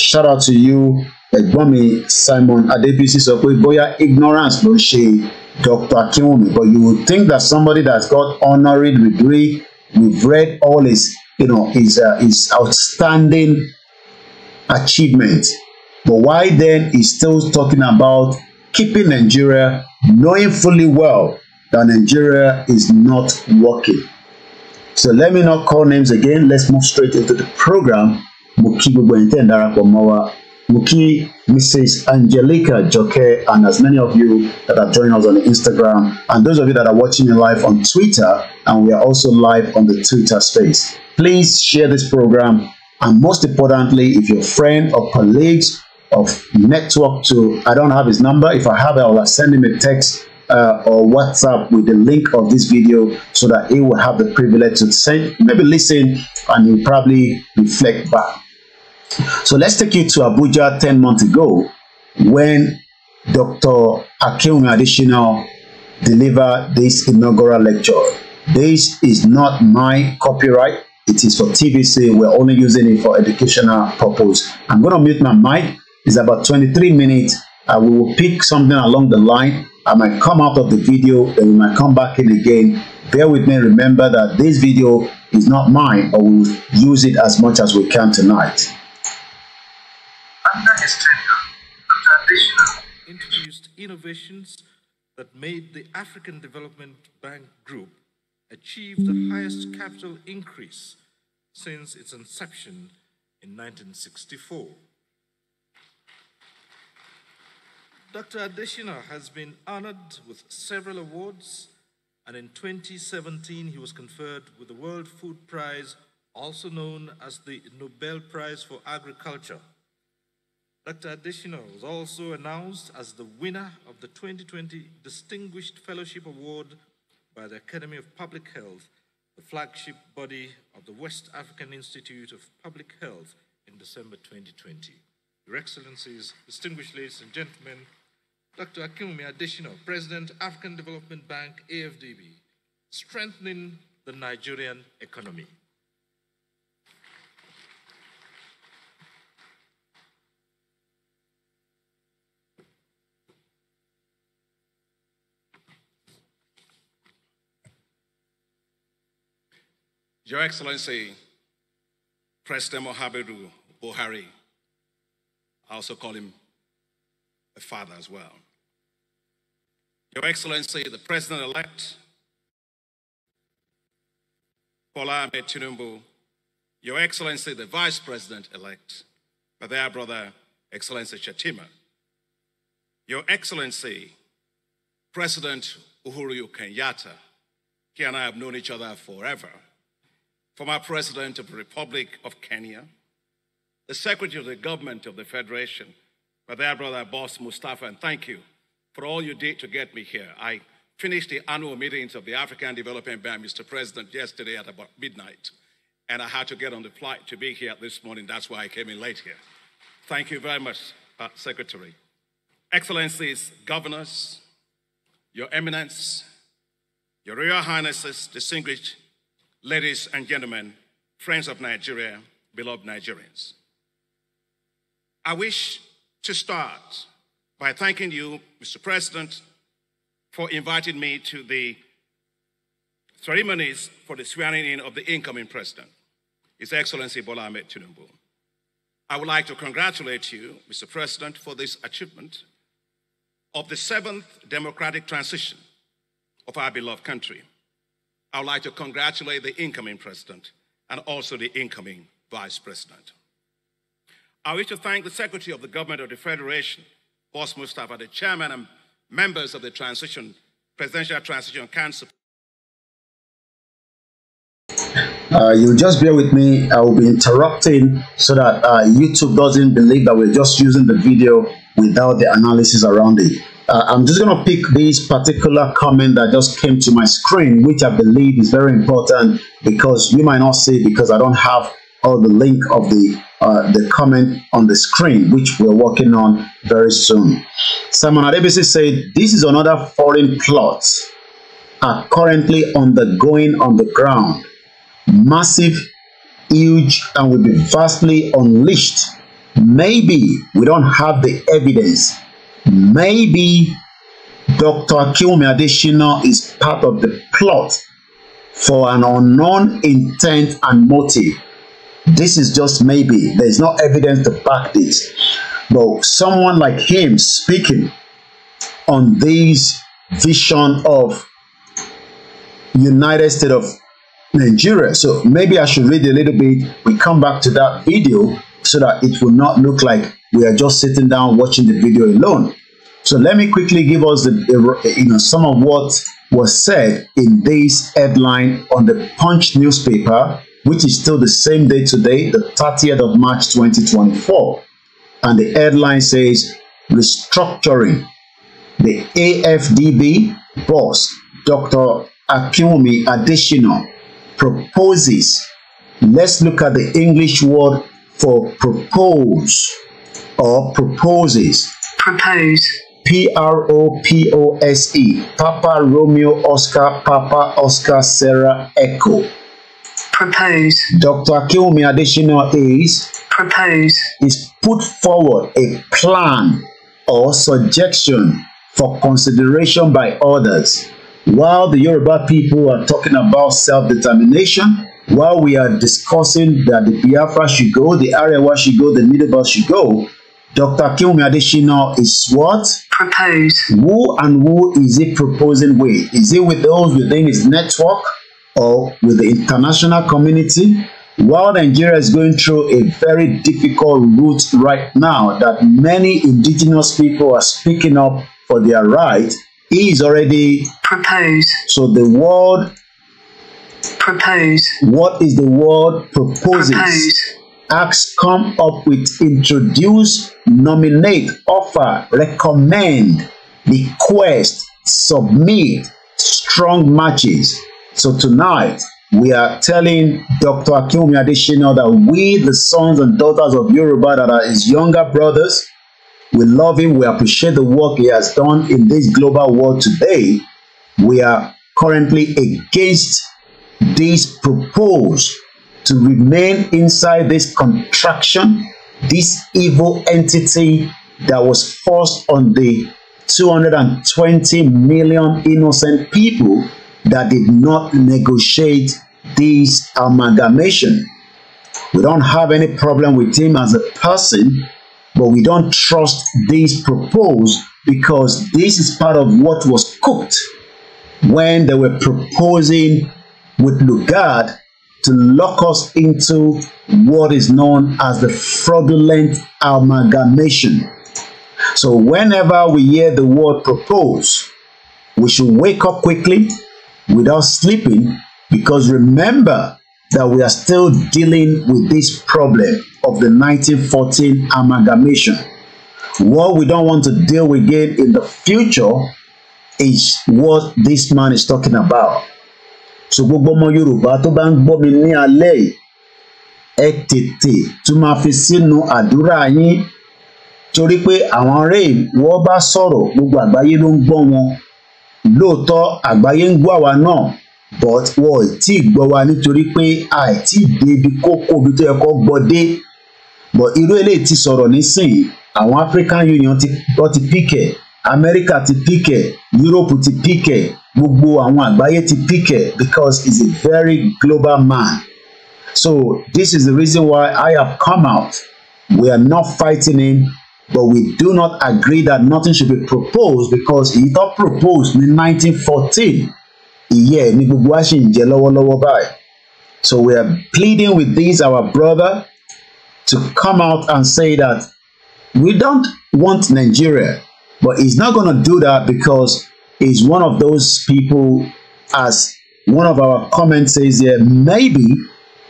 shout out to you ẹ̀gbọ́n mi Simon Adebisi sọ pé bóyá ignorance ló ń ṣe Dr. Akinwumi but you would think that somebody that got honoured with read we've read all his you know his uh, his outstanding achievement but why then he's still talking about keeping Nigeria knowing fully well that Nigeria is not working. So let me not call names again. Let's move straight into the program. kí gbogbo ẹ̀yin Mrs. Angelica Joke and as many of you that are joining us on Instagram and those of you that are watching me live on Twitter and we are also live on the Twitter space please share this program and most importantly if your friend or colleagues of network to I don't have his number if I have it I will send him a text uh, or WhatsApp with the link of this video so that he will have the privilege to send, maybe listen, and he'll probably reflect back. So let's take you to Abuja 10 months ago when Dr. Akeun Additional delivered this inaugural lecture. This is not my copyright. It is for TVC. We're only using it for educational purpose. I'm going to mute my mic. It's about 23 minutes. I will pick something along the line. I might come out of the video and we might come back in again. Bear with me. Remember that this video is not mine, but we'll use it as much as we can tonight. under his tenure, the transitional introduced innovations that made the African Development Bank Group achieve the highest capital increase since its inception in 1964. Dr. Adeshina has been honored with several awards, and in 2017 he was conferred with the World Food Prize, also known as the Nobel Prize for Agriculture. Dr. Adishino was also announced as the winner of the 2020 Distinguished Fellowship Award by the Academy of Public Health, the flagship body of the West African Institute of Public Health in December 2020. Your Excellencies, distinguished ladies and gentlemen, Dr. Akimumi Adishino, President, African Development Bank, AFDB, strengthening the Nigerian economy. Your Excellency, President Mohamedou Buhari, I also call him a father as well. Your Excellency, the President elect, Paul Ahmed Tinubu, Your Excellency, the Vice President elect, my dear brother, Excellency Chatima, Your Excellency, President Uhuru Kenyatta, he and I have known each other forever former President of the Republic of Kenya, the Secretary of the Government of the Federation, my dear brother boss Mustafa, and thank you for all you did to get me here. I finished the annual meetings of the African Development Bank, Mr. President, yesterday at about midnight, and I had to get on the flight to be here this morning. That's why I came in late here. Thank you very much, uh, Secretary. Excellencies, governors, your eminence, your royal highnesses, distinguished Ladies and gentlemen, friends of Nigeria, beloved Nigerians, I wish to start by thanking you, Mr. President, for inviting me to the ceremonies for the swearing in of the incoming president, His Excellency Bola Ahmed Tinubu. I would like to congratulate you, Mr. President, for this achievement of the seventh democratic transition of our beloved country. I would like to congratulate the incoming president and also the incoming vice president. I wish to thank the Secretary of the Government of the Federation, Boss Mustafa, the chairman and members of the Transition Presidential Transition Council. Uh, you just bear with me. I will be interrupting so that uh, YouTube doesn't believe that we're just using the video without the analysis around it uh, I'm just going to pick this particular comment that just came to my screen, which I believe is very important because you might not see because I don't have all the link of the uh, the comment on the screen, which we're working on very soon. Simon Adebisi said, this is another foreign plot are currently undergoing on the ground. Massive, huge, and will be vastly unleashed. Maybe we don't have the evidence Maybe Dr. Kiwumi Adeshina is part of the plot for an unknown intent and motive. This is just maybe. There's no evidence to back this. But someone like him speaking on this vision of United States of Nigeria. So maybe I should read a little bit. We come back to that video so that it will not look like We are just sitting down watching the video alone. So let me quickly give us the, you know, some of what was said in this headline on the Punch newspaper, which is still the same day today, the 30th of March 2024. And the headline says, Restructuring. The AFDB boss, Dr. Akumi, additional proposes. Let's look at the English word for propose. or proposes. Propose. P R O P O S E. Papa Romeo Oscar Papa Oscar Sarah Echo. Propose. Dr. Kilmi Additional is. Propose. Is put forward a plan or suggestion for consideration by others. While the Yoruba people are talking about self-determination, while we are discussing that the Biafra should go, the Arewa should go, the Middle Belt should go, Dr. Kiwumi Adeshina is what? Propose. Who and who is he proposing with? Is he with those within his network or with the international community? While Nigeria is going through a very difficult route right now that many indigenous people are speaking up for their rights, he is already proposed. So the word propose. What is the word proposes? Propose. acts come up with introduce, nominate, offer, recommend, request, submit, strong matches. So tonight, we are telling Dr. Akinwumi Adeshina that we, the sons and daughters of Yoruba that are his younger brothers, we love him, we appreciate the work he has done in this global world today. We are currently against this proposed to remain inside this contraction, this evil entity that was forced on the 220 million innocent people that did not negotiate this amalgamation. We don't have any problem with him as a person, but we don't trust this proposed because this is part of what was cooked when they were proposing with Lugard to lock us into what is known as the fraudulent amalgamation. So whenever we hear the word propose, we should wake up quickly without sleeping because remember that we are still dealing with this problem of the 1914 amalgamation. What we don't want to deal with again in the future is what this man is talking about. so gbogbo ọmọ yorùbá tó bá ń gbọ́ mi ní alẹ́ yìí ẹ tètè tún máa fi sínú àdúrà yín torí pé àwọn rain wọ́n bá sọ̀rọ̀ gbogbo àgbáyé ló ń gbọ́ wọn lóòótọ́ àgbáyé ń gbọ́ àwa náà but wọn ò tí ì gbọ́ wa nítorí pé àìtí débi kókó ibi tó yẹ kó gbọ́ dé but irú eléyìí ti sọ̀rọ̀ nísìnyí àwọn African Union ti wọ́n ti píkẹ̀ Amẹ́ríkà ti píkẹ̀ Europe ti píkẹ̀ gbogbo àwọn àgbáyé ti pick ẹ because he's a very global man so this is the reason why I have come out we are not fighting him but we do not agree that nothing should be proposed because he tó proposed in 1914 ìyẹn ní gbogbo wa ṣì ń jẹ lọ́wọ́lọ́wọ́ báyìí so we are pleading with this our brother to come out and say that we don't want Nigeria but he's not gonna do that because is one of those people, as one of our comments says here, maybe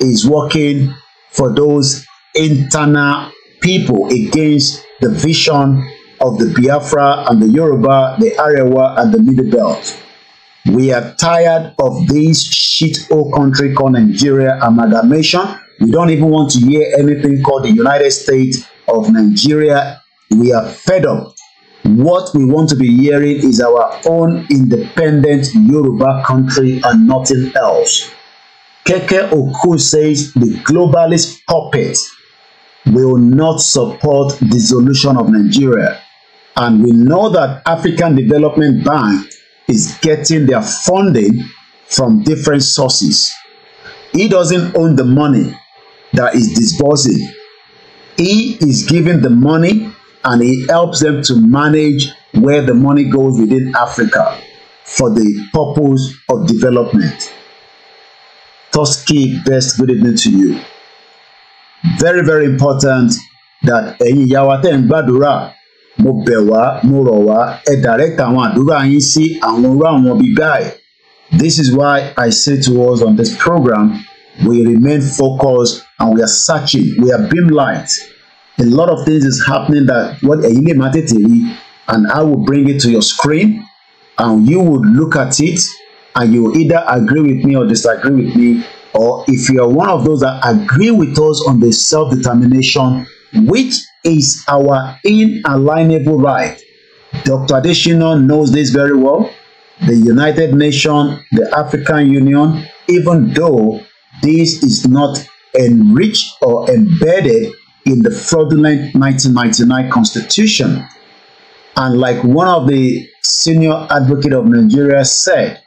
is working for those internal people against the vision of the Biafra and the Yoruba, the Arewa, and the Middle Belt. We are tired of this shit hole country called Nigeria amalgamation. We don't even want to hear anything called the United States of Nigeria. We are fed up What we want to be hearing is our own independent Yoruba country and nothing else. Keke Oku says the globalist puppet will not support dissolution of Nigeria. And we know that African Development Bank is getting their funding from different sources. He doesn't own the money that is disbursing. He is giving the money and he helps them to manage where the money goes within Africa for the purpose of development. Toski, best good evening to you. Very, very important that ẹ̀yin ìyá wa tẹ́ ń gbàdúrà mo bẹ̀ wá mo rọ̀ wá ẹ direct àwọn àdúrà yín sí àwọn irú àwọn bíi báyìí. This is why I say to us on this program, we remain focused and we are searching, we are beam light a lot of things is happening that what ẹ̀yin lè má tètè rí and I will bring it to your screen and you would look at it and you either agree with me or disagree with me or if you are one of those that agree with us on the self-determination which is our inalienable right Dr. Adesina knows this very well the United Nations the African Union even though this is not enriched or embedded in the fraudulent 1999 constitution. And like one of the senior advocate of Nigeria said,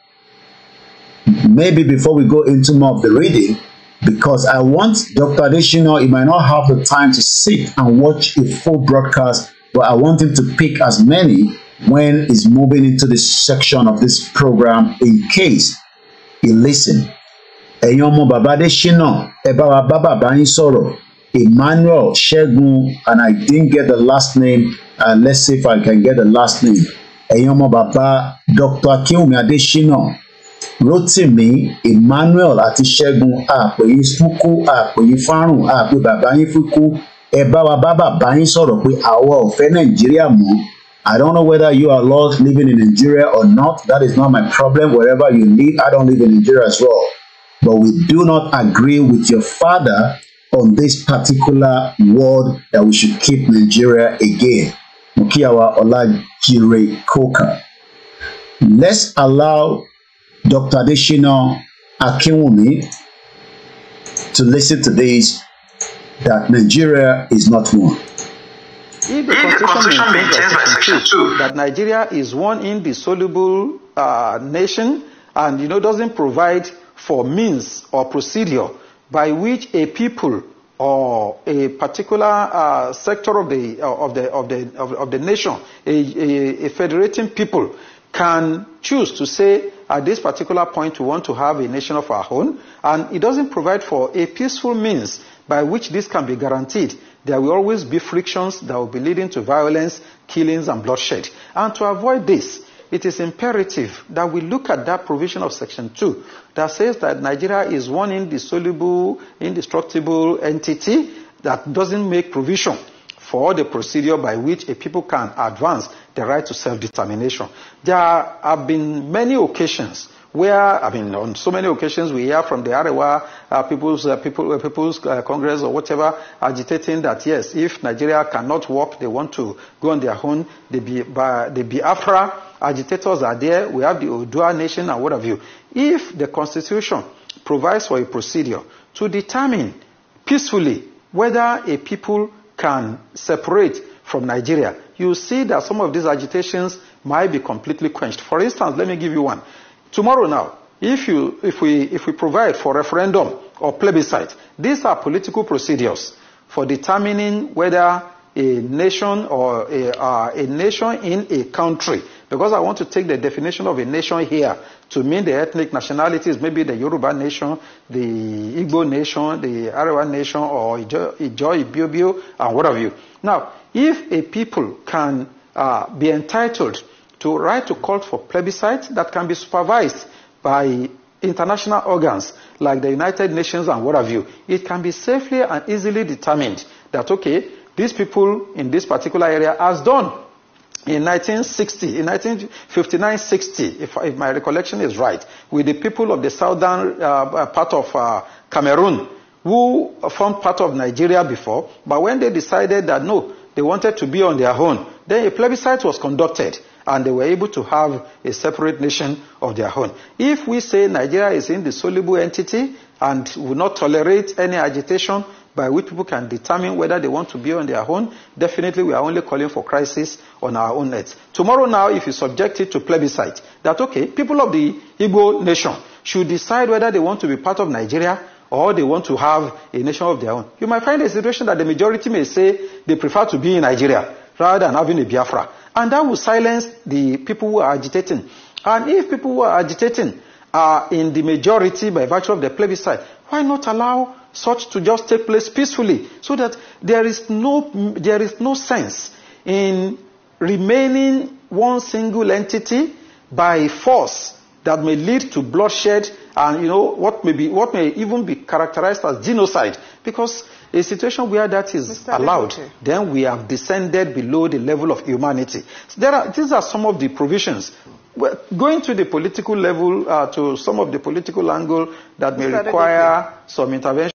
maybe before we go into more of the reading, because I want Dr. Adeshino, he might not have the time to sit and watch a full broadcast, but I want him to pick as many when he's moving into this section of this program in case he listen. Ẹ̀yin ọmọ bàbá Adeshina, baba baba wa bá Emmanuel Ṣẹ́gun and I didn't get the last name uh, let's see if I can get the last name ẹ̀yin ọmọ bàbá Dr. Akinwumi Adesina Rotimi Emmanuel àti Ṣẹ́gun àpèyí fúkú àpèyí fárùn àpè bàbá yín fúkú ẹ bá wa bá bàbá yín sọ̀rọ̀ pé àwa ò fẹ́ Nàìjíríà mọ́. I don't know whether you are lost living in Nigeria or not. That is not my problem. Wherever you live, I don't live in Nigeria as well. But we do not agree with your father on this particular word that we should keep Nigeria again. Mukiawa Olajire Koka. Let's allow Dr. Adeshina Akinwumi to listen to this that Nigeria is not one. In the constitution, constitution maintains by section 2 that Nigeria is one indissoluble uh, nation and you know doesn't provide for means or procedure by which a people or a particular uh, sector of the uh, of the of the of, of the nation, a, a, a, federating people, can choose to say at this particular point we want to have a nation of our own, and it doesn't provide for a peaceful means by which this can be guaranteed. There will always be frictions that will be leading to violence, killings, and bloodshed. And to avoid this, it is imperative that we look at that provision of Section 2 that says that Nigeria is one indissoluble, indestructible entity that doesn't make provision for the procedure by which a people can advance the right to self-determination. There have been many occasions where I mean, on so many occasions we hear from the Arewa uh, People's uh, people, uh, People's uh, Congress or whatever agitating that yes, if Nigeria cannot work, they want to go on their own. The, Bi- the Biafra agitators are there. We have the Odua Nation and what have you. If the Constitution provides for a procedure to determine peacefully whether a people can separate from Nigeria, you see that some of these agitations might be completely quenched. For instance, let me give you one. Tomorrow now, if, you, if, we, if we provide for referendum or plebiscite, these are political procedures for determining whether a nation or a, uh, a nation in a country because I want to take the definition of a nation here to mean the ethnic nationalities, maybe the Yoruba nation, the Igbo nation, the Arewa nation, or Ijo, Ijo Ibiobio, and what have you. Now, if a people can uh, be entitled to write to call for plebiscite that can be supervised by international organs like the United Nations and what have you. It can be safely and easily determined that, okay, these people in this particular area has done in 1960, in 1959-60, if, if, my recollection is right, with the people of the southern uh, uh, part of uh, Cameroon, who formed part of Nigeria before, but when they decided that no, they wanted to be on their own, then a plebiscite was conducted and they were able to have a separate nation of their own. If we say Nigeria is indissoluble entity and will not tolerate any agitation by which people can determine whether they want to be on their own, definitely we are only calling for crisis on our own net. Tomorrow now, if you subject it to plebiscite, that okay, people of the Igbo nation should decide whether they want to be part of Nigeria or they want to have a nation of their own. You might find a situation that the majority may say they prefer to be in Nigeria rather than having a Biafra. And that will silence the people who are agitating. And if people who are agitating are in the majority by virtue of the plebiscite, why not allow such to just take place peacefully so that there is no, there is no sense in remaining one single entity by force that may lead to bloodshed and you know what may be what may even be characterized as genocide because a situation where that is Mr. allowed, then we have descended below the level of humanity. So there are, these are some of the provisions. going to the political level, uh, to some of the political angle that may Mr. require some intervention.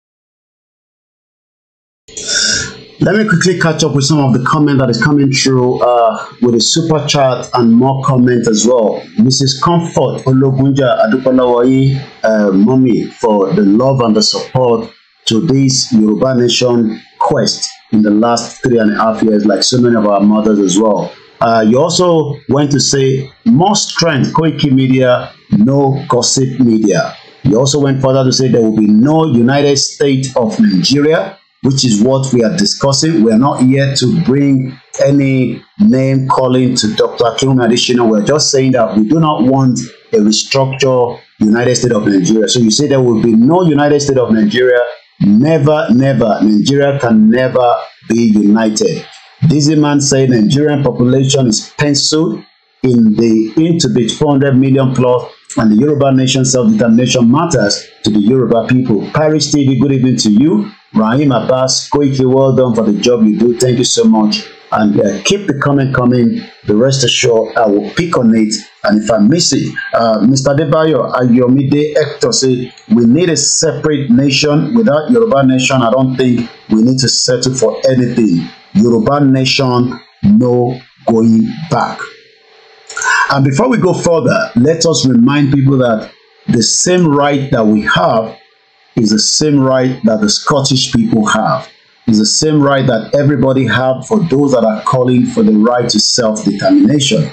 Let me quickly catch up with some of the comment that is coming through uh, with a super chat and more comment as well. Mrs. Comfort Ologunja Adupalawayi, uh, mommy, for the love and the support to this Yoruba nation quest in the last three and a half years, like so many of our mothers as well. Uh, you also went to say more strength, Koiki media, no gossip media. You also went further to say there will be no United States of Nigeria, which is what we are discussing. We are not here to bring any name calling to Dr. Akim Adishino. We're just saying that we do not want a restructure United States of Nigeria. So you say there will be no United States of Nigeria Never, never. Nigeria can never be united. This man said Nigerian population is penciled in the into the 400 million plus and the Yoruba nation self-determination matters to the Yoruba people. Parish TV, good evening to you. Rahim Abbas, Koiki, well done for the job you do. Thank you so much and uh, keep the comment coming. The rest assured, I will pick on it. And if I miss it, uh, Mr. Debayo Ayomide Hector said, we need a separate nation. Without Yoruba nation, I don't think we need to settle for anything. Yoruba nation, no going back. And before we go further, let us remind people that the same right that we have is the same right that the Scottish people have. is the same right that everybody have for those that are calling for the right to self-determination.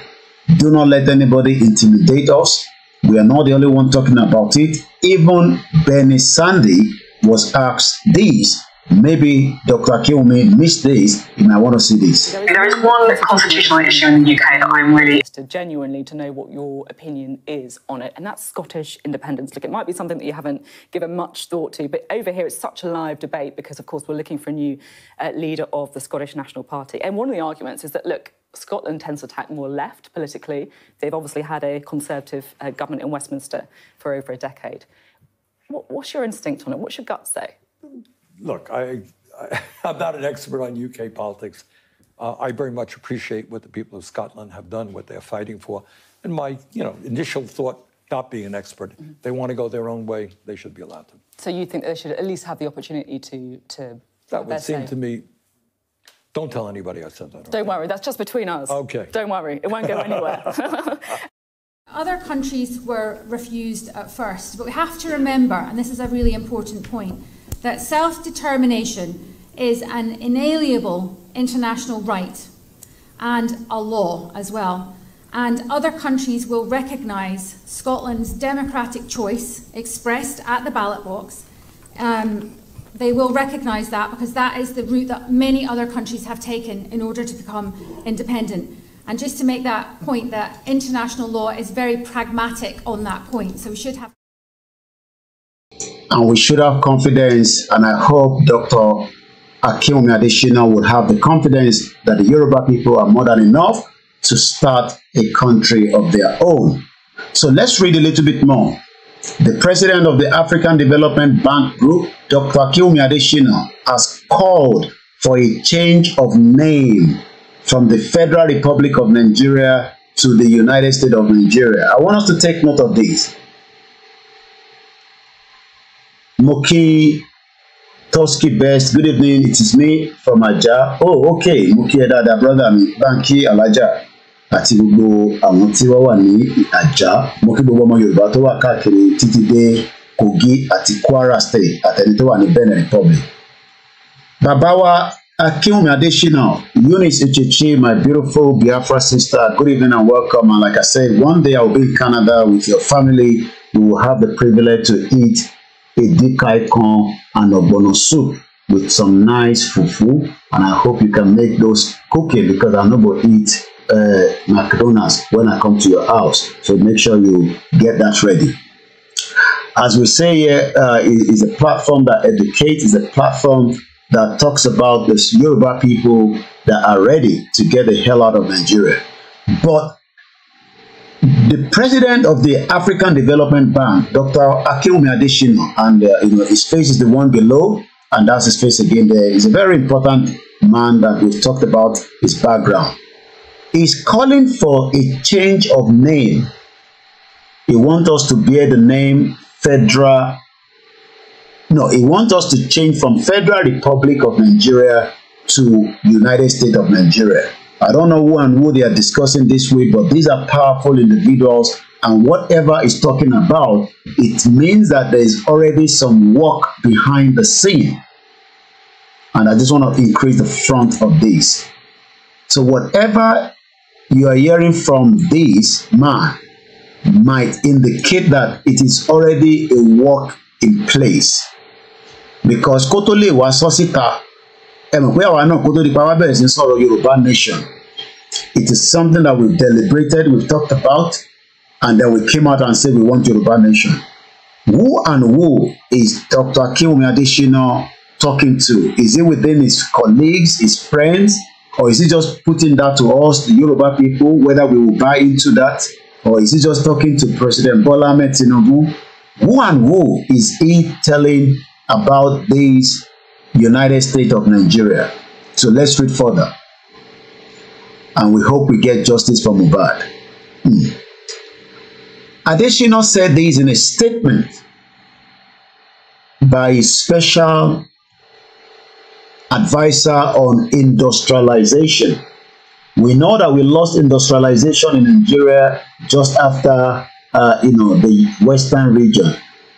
Do not let anybody intimidate us. We are not the only one talking about it. Even Bernie Sanders was asked this Maybe Dr. Akiwumi missed this. You might want to see this. There is one constitutional issue in the UK that I'm really genuinely to know what your opinion is on it, and that's Scottish independence. Look, it might be something that you haven't given much thought to, but over here it's such a live debate because, of course, we're looking for a new uh, leader of the Scottish National Party. And one of the arguments is that look, Scotland tends to attack more left politically. They've obviously had a Conservative uh, government in Westminster for over a decade. What, what's your instinct on it? What's your gut say? look, I, I, am not an expert on UK politics. Uh, I very much appreciate what the people of Scotland have done, what they're fighting for. And my, you know, initial thought, not being an expert, mm -hmm. they want to go their own way, they should be allowed to. So you think they should at least have the opportunity to... to that would seem say. to me... Don't tell anybody I said that. Don't right? worry, that's just between us. Okay. Don't worry, it won't go anywhere. Other countries were refused at first, but we have to remember, and this is a really important point, that self determination is an inalienable international right and a law as well. And other countries will recognise Scotland's democratic choice expressed at the ballot box. Um, they will recognise that because that is the route that many other countries have taken in order to become independent. And just to make that point, that international law is very pragmatic on that point. So we should have. and we should have confidence, and I hope Dr. Akinwumi Adesina will have the confidence that the Yoruba people are more than enough to start a country of their own. So let's read a little bit more. The president of the African Development Bank Group, Dr. Akinwumi Adesina, has called for a change of name from the Federal Republic of Nigeria to the United States of Nigeria. I want us to take note of this. Moki Toski Best, good evening. It is me from Aja. Oh, okay. Moki Edada, brother mi, Banki Alaja àti gbogbo àwọn tí wọ́n wà ní Àjà mo kí gbogbo ọmọ Yorùbá tó wà káàkiri títí dé Kogi àti Kwara State àtẹni tó wà ní Benin Republic. bàbá wa Akínwùmí Adésínà Eunice Echechi my beautiful Biafra sister good evening and welcome and like I said one day I will be in Canada with your family you will have the privilege to eat a deep icon and a bono soup with some nice fufu and i hope you can make those cooking because i'm not going to eat uh, mcdonald's when i come to your house so make sure you get that ready as we say here uh, a platform that educates is a platform that talks about the Yoruba people that are ready to get the hell out of Nigeria but The president of the African Development Bank, Dr. Akinwumi Adesina, and uh, you know his face is the one below, and that's his face again. There is a very important man that we've talked about his background. He's calling for a change of name. He wants us to bear the name Federal. No, he wants us to change from Federal Republic of Nigeria to United States of Nigeria. I don't know who and who they are discussing this with, but these are powerful individuals. And whatever is talking about, it means that there is already some work behind the scene. And I just want to increase the front of this. So whatever you are hearing from this man might indicate that it is already a work in place. Because Kotolewa Sosita ẹ mọ̀ pé àwa náà kó tó di pa wá bẹ̀rẹ̀ sí sọ̀rọ̀ Yorùbá nation it is something that we deliberated we talked about and then we came out and said we want Yorùbá nation who and who is Dr. Akinwumi Adesina talking to is he within his colleagues his friends or is he just putting that to us the Yorùbá people whether we will buy into that or is he just talking to President Bola Ahmed Tinubu who and who is he telling about these United States of Nigeria. So let's read further. And we hope we get justice for Mubad. Hmm. Adeshina said this in a statement by his special advisor on industrialization. We know that we lost industrialization in Nigeria just after uh, you know the Western region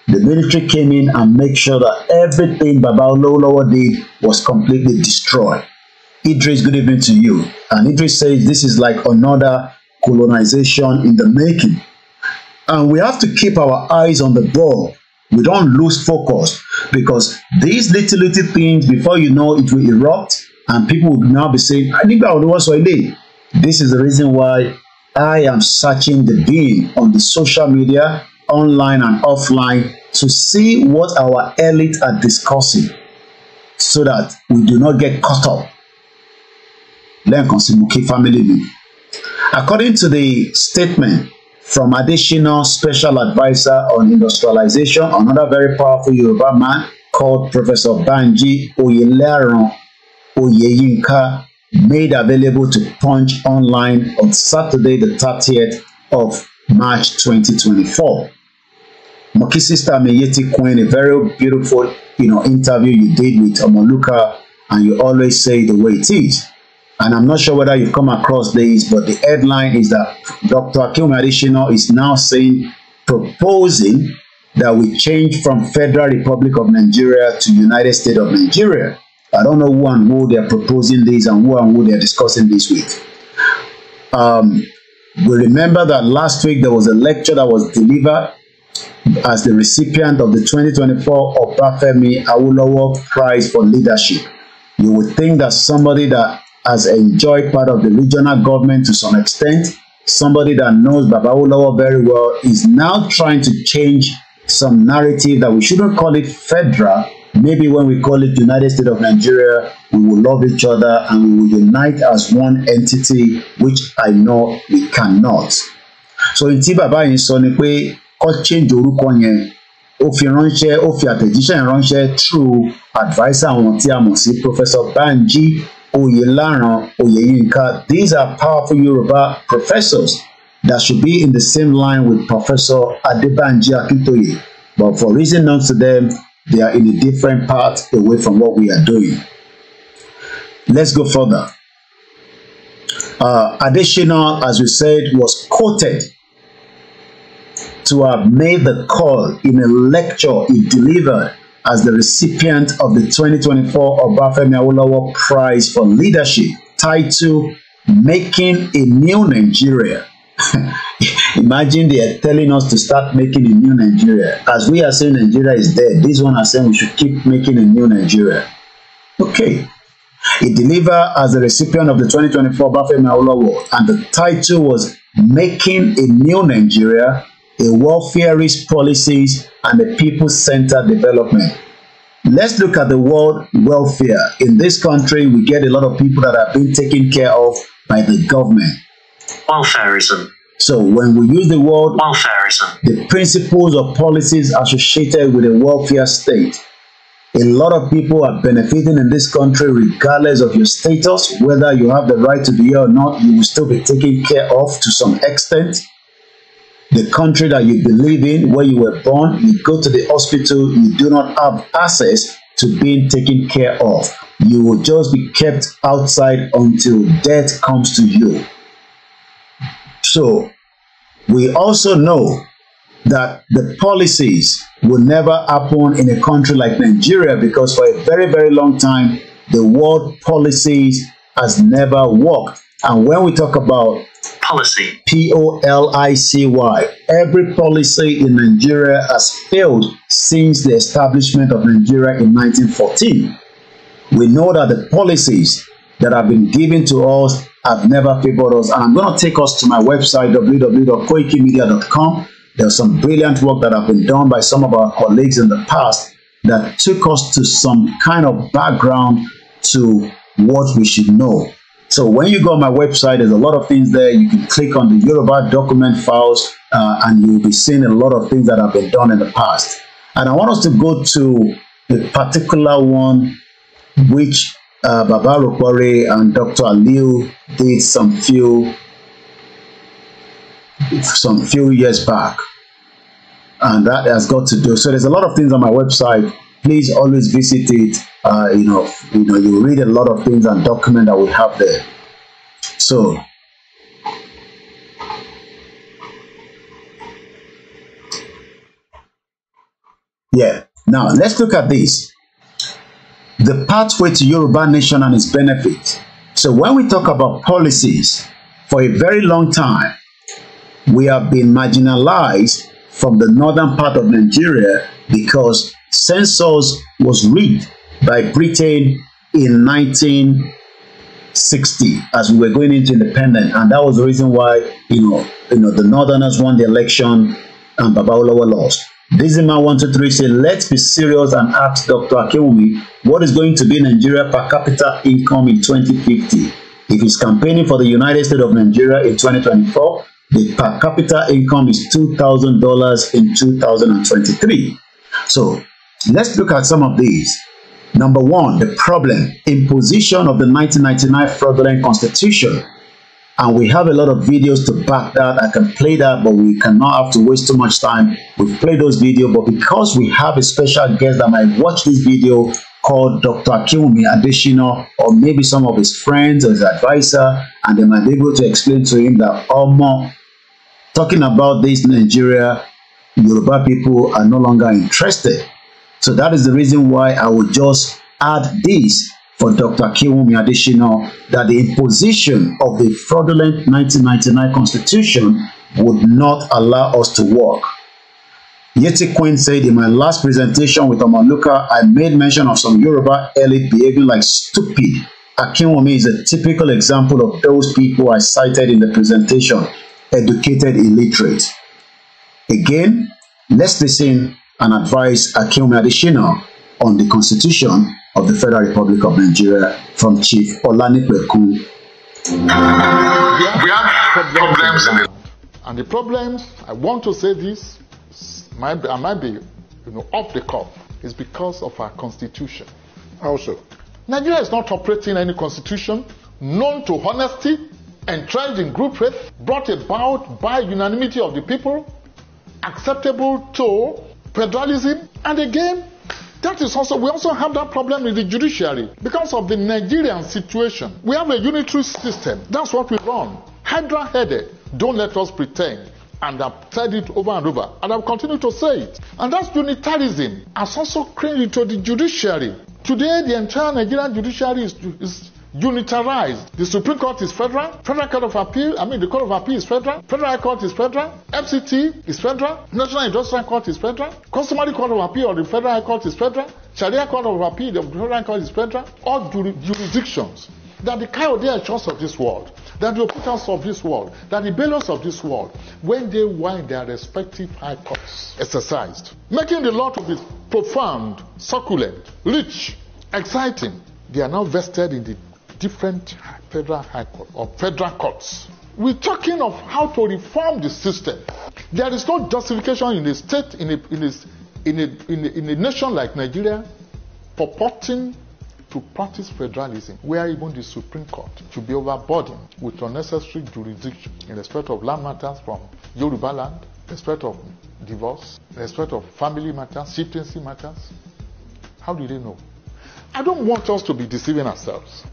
The military came in and made sure that everything Baba Olawolowo did was completely destroyed. Idris, good evening to you. And Idris says this is like another colonization in the making. And we have to keep our eyes on the ball. We don't lose focus because these little, little things, before you know it, will erupt and people will now be saying, I think I was This is the reason why I am searching the beam on the social media online and offline, to see what our elite are discussing so that we do not get caught up. Lẹ́ẹ̀kan sí mo family mi. According to the statement from additional Special Advisor on Industrialization, another very powerful Yoruba man called Professor Banji Oyelaran Oyeyinka made available to Punch Online on Saturday the 30th of March 2024 mo sister mi Yeti Queen a very beautiful you know, interview you did with Omoluka and you always say the way it is and I'm not sure whether you've come across this but the headline is that Dr. Akinwumi Adesina is now saying proposing that we change from Federal Republic of Nigeria to United States of Nigeria. I don't know who and who they're proposing this and who and who they're discussing this with. Um, we remember that last week there was a lecture that was delivered as the recipient of the 2024 Obafemi Awolowo Prize for Leadership. You would think that somebody that has enjoyed part of the regional government to some extent, somebody that knows Baba Awolowo very well, is now trying to change some narrative that we shouldn't call it federal. Maybe when we call it United States of Nigeria, we will love each other and we will unite as one entity, which I know we cannot. So in tí bàbá yìí sọ ni kó change orúkọ yẹn ó fi ránṣẹ́ ó fi àtẹ̀jíṣẹ́ ránṣẹ́ through adviser wọn tí a mọ̀ sí Professor Banji Oyelaran Oyeyinka these are powerful Yoruba professors that should be in the same line with Professor Adebanji Akintoye but for reason known to them they are in a different part away from what we are doing. Let's go further. Uh, Adesina, as we said, was quoted to have made the call in a lecture he delivered as the recipient of the 2024 Obafemi Awolowo Prize for Leadership titled Making a New Nigeria. Imagine they are telling us to start making a new Nigeria. As we are saying Nigeria is dead, this one are saying we should keep making a new Nigeria. Okay. He delivered as the recipient of the 2024 Obafemi Awolowo and the title was Making a New Nigeria a welfareist policies, and a people-centered development. Let's look at the word welfare. In this country, we get a lot of people that are being taken care of by the government. Welfareism. So when we use the word welfareism, the principles or policies associated with a welfare state. A lot of people are benefiting in this country regardless of your status, whether you have the right to be here or not, you will still be taken care of to some extent the country that you believe in, where you were born, you go to the hospital, you do not have access to being taken care of. You will just be kept outside until death comes to you. So, we also know that the policies will never happen in a country like Nigeria because for a very, very long time, the world policies has never worked. And when we talk about policy. P O L I C Y. Every policy in Nigeria has failed since the establishment of Nigeria in 1914. We know that the policies that have been given to us have never favored us. And I'm going to take us to my website, www.koikimedia.com. There's some brilliant work that have been done by some of our colleagues in the past that took us to some kind of background to what we should know. So when you go on my website, there's a lot of things there. You can click on the Yoruba document files uh, and you'll be seeing a lot of things that have been done in the past. And I want us to go to the particular one which uh, Baba Rukwari and Dr. Aliu did some few some few years back. And that has got to do. So there's a lot of things on my website. Please always visit it uh, you know, you know, you read a lot of things and document that we have there. So, yeah. Now let's look at this. The pathway to Yoruba nation and its benefits. So when we talk about policies, for a very long time, we have been marginalized from the northern part of Nigeria because census was rigged by Britain in 1960 as we were going into independence, and that was the reason why you know you know the Northerners won the election and Babaolawa lost. This my 123 said, let's be serious and ask Dr. Akewumi what is going to be Nigeria per capita income in 2050. If he's campaigning for the United States of Nigeria in 2024, the per capita income is $2,000 in 2023. So let's look at some of these. Number one, the problem, imposition of the 1999 fraudulent constitution. And we have a lot of videos to back that. I can play that, but we cannot have to waste too much time. We've played those videos, but because we have a special guest that might watch this video called Dr. Akinwumi Adeshina, or maybe some of his friends or his advisor, and they might be able to explain to him that Omo, talking about this Nigeria, Yoruba people are no longer interested So that is the reason why I would just add this for Dr. Kiwumi Adeshina that the imposition of the fraudulent 1999 constitution would not allow us to work. Yeti Queen said, in my last presentation with Amaluka, I made mention of some Yoruba elite behaving like stupid. Akinwumi is a typical example of those people I cited in the presentation, educated illiterate. Again, let's listen and advise Akinwumi Adesina on the Constitution of the Federal Republic of Nigeria from Chief Olanipekun. We have problems in and the problems I want to say this might be, I might be you know off the cuff is because of our constitution. Also, Nigeria is not operating any constitution known to honesty, entrenched in group faith, brought about by unanimity of the people, acceptable to federalism, and again, that is also, we also have that problem with the judiciary because of the Nigerian situation. We have a unitary system. That's what we run. Hydra headed. Don't let us pretend. And I've said it over and over. And I've continued to say it. And that's unitarism has also crept into the judiciary. Today, the entire Nigerian judiciary is, is unitarized. The Supreme Court is federal, Federal Court of Appeal, I mean the Court of Appeal is federal, Federal High Court is federal, FCT is federal, National Industrial Court is federal, Customary Court of Appeal of the Federal High Court is federal, Sharia Court of Appeal of the Federal High Court is federal, all jur jurisdictions that the Coyote Assurance of this world, that the Okutans of this world, that the Bellows of this world, when they wind their respective high courts, exercised, making the law to be profound, succulent, rich, exciting, they are now vested in the different federal high court or federal courts. We're talking of how to reform the system. There is no justification in a state, in a, in a, in a, in a, in a nation like Nigeria, purporting to practice federalism, where even the Supreme Court should be overburdened with unnecessary jurisdiction in respect of land matters from Yoruba land, respect of divorce, in respect of family matters, citizenship matters. How do they know? I don't want us to be deceiving ourselves.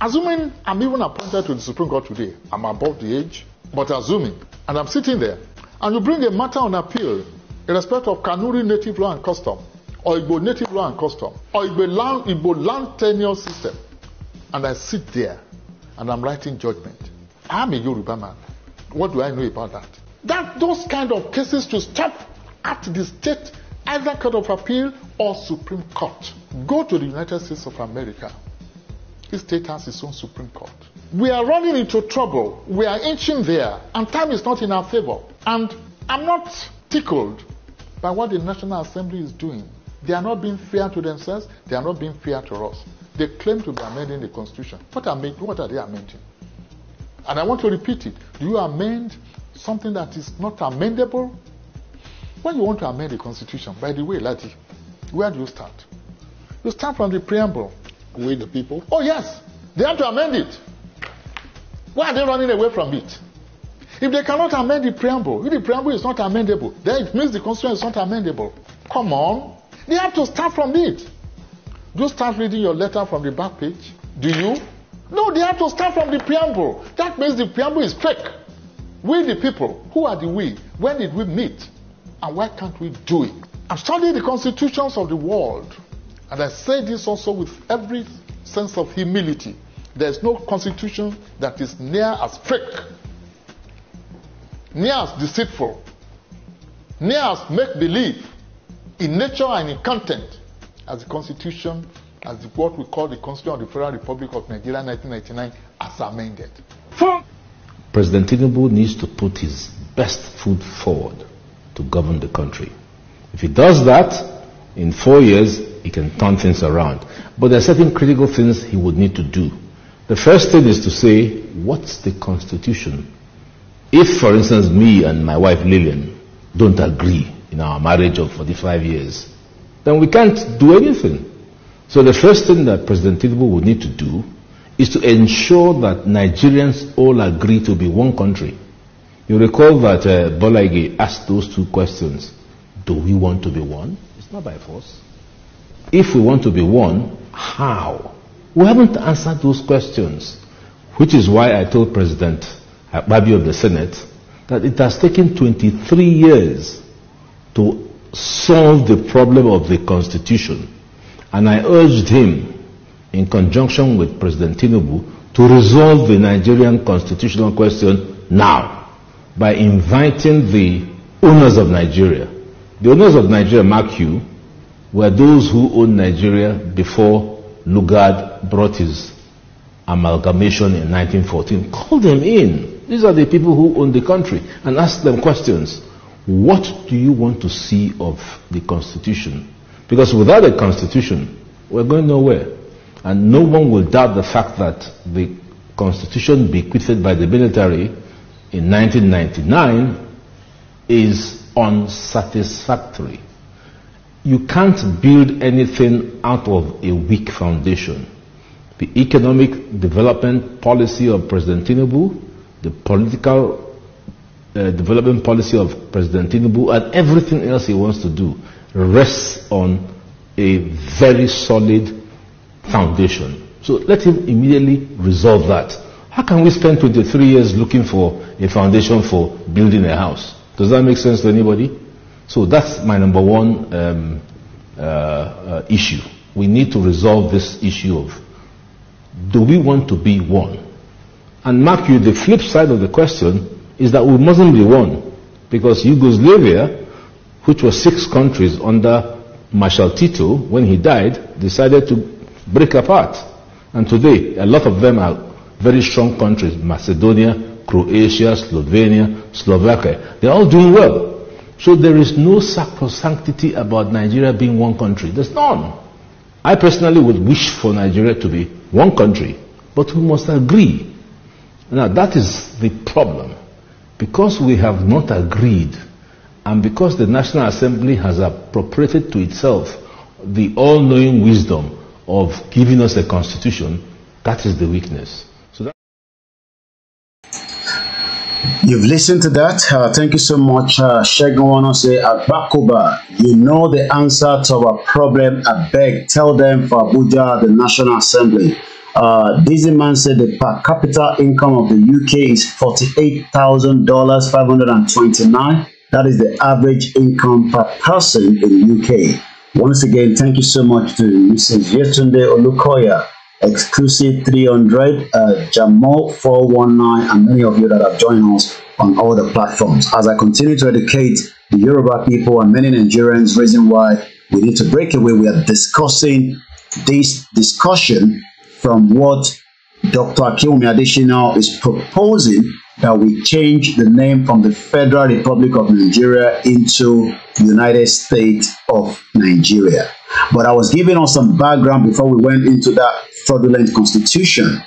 Assuming I'm even appointed to the Supreme Court today, I'm above the age, but assuming, and I'm sitting there, and you bring a matter on appeal in respect of Kanuri native law and custom, or Igbo native law and custom, or Igbo land, Igbo land tenure system, and I sit there and I'm writing judgment. I'm a Yoruba man. What do I know about that? That those kind of cases to stop at the state either court of appeal or Supreme Court. Go to the United States of America This state has its own Supreme Court. We are running into trouble. We are inching there, and time is not in our favor. And I'm not tickled by what the National Assembly is doing. They are not being fair to themselves, they are not being fair to us. They claim to be amending the Constitution. What are, what are they amending? And I want to repeat it. Do you amend something that is not amendable? When you want to amend the Constitution, by the way, Lati, where do you start? You start from the preamble. We the people? Oh, yes. They have to amend it. Why are they running away from it? If they cannot amend the preamble, if the preamble is not amendable, then it means the constitution is not amendable. Come on. They have to start from it. Do you start reading your letter from the back page? Do you? No, they have to start from the preamble. That means the preamble is fake. We, the people, who are the we? When did we meet? And why can't we do it? I've studied the constitutions of the world And I say this also with every sense of humility. There is no constitution that is near as fake, near as deceitful, near as make believe in nature and in content as the constitution, as the, what we call the Constitution of the Federal Republic of Nigeria 1999 as amended. President Tinubu needs to put his best foot forward to govern the country. If he does that, in four years, he can turn things around. But there are certain critical things he would need to do. The first thing is to say, what's the constitution? If, for instance, me and my wife Lillian don't agree in our marriage of 45 years, then we can't do anything. So the first thing that President Tinubu would need to do is to ensure that Nigerians all agree to be one country. You recall that uh, Bolaige asked those two questions. Do we want to be one? It's not by force if we want to be one, how? We haven't answered those questions, which is why I told President Babi of the Senate that it has taken 23 years to solve the problem of the Constitution. And I urged him, in conjunction with President Tinubu, to resolve the Nigerian constitutional question now by inviting the owners of Nigeria. The owners of Nigeria, mark you, were those who owned Nigeria before Lugard brought his amalgamation in 1914. Call them in. These are the people who own the country and ask them questions. What do you want to see of the constitution? Because without a constitution, we're going nowhere. And no one will doubt the fact that the constitution bequeathed by the military in 1999 is unsatisfactory you can't build anything out of a weak foundation. The economic development policy of President Tinubu, the political uh, development policy of President Tinubu, and everything else he wants to do rests on a very solid foundation. So let him immediately resolve that. How can we spend 23 years looking for a foundation for building a house? Does that make sense to anybody? So that's my number one um, uh, uh, issue. We need to resolve this issue of do we want to be one? And mark you, the flip side of the question is that we mustn't be one because Yugoslavia, which was six countries under Marshal Tito, when he died, decided to break apart. And today, a lot of them are very strong countries Macedonia, Croatia, Slovenia, Slovakia. They're all doing well. So there is no sacrosanctity about Nigeria being one country. There's none. I personally would wish for Nigeria to be one country, but we must agree. Now that is the problem. Because we have not agreed, and because the National Assembly has appropriated to itself the all-knowing wisdom of giving us a constitution, that is the weakness. You've listened to that. Uh, thank you so much, uh, Shegun say, you know the answer to our problem. I beg, tell them for Abuja, the National Assembly. Uh, Dizzy Man said the per capita income of the UK is $48,529. That is the average income per person in the UK. Once again, thank you so much to Mrs. Yetunde Olukoya exclusive 300, uh, Jamal 419, and many of you that have joined us on all the platforms. As I continue to educate the Yoruba people and many Nigerians, reason why we need to break away, we are discussing this discussion from what Dr. Akiumi Adishino is proposing that we change the name from the Federal Republic of Nigeria into United States of Nigeria. But I was giving us some background before we went into that fraudulent constitution.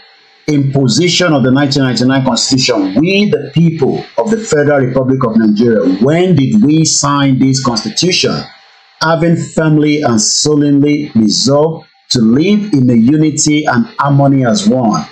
In position of the 1999 constitution, we the people of the Federal Republic of Nigeria, when did we sign this constitution? Having firmly and solemnly resolved to live in the unity and harmony as one,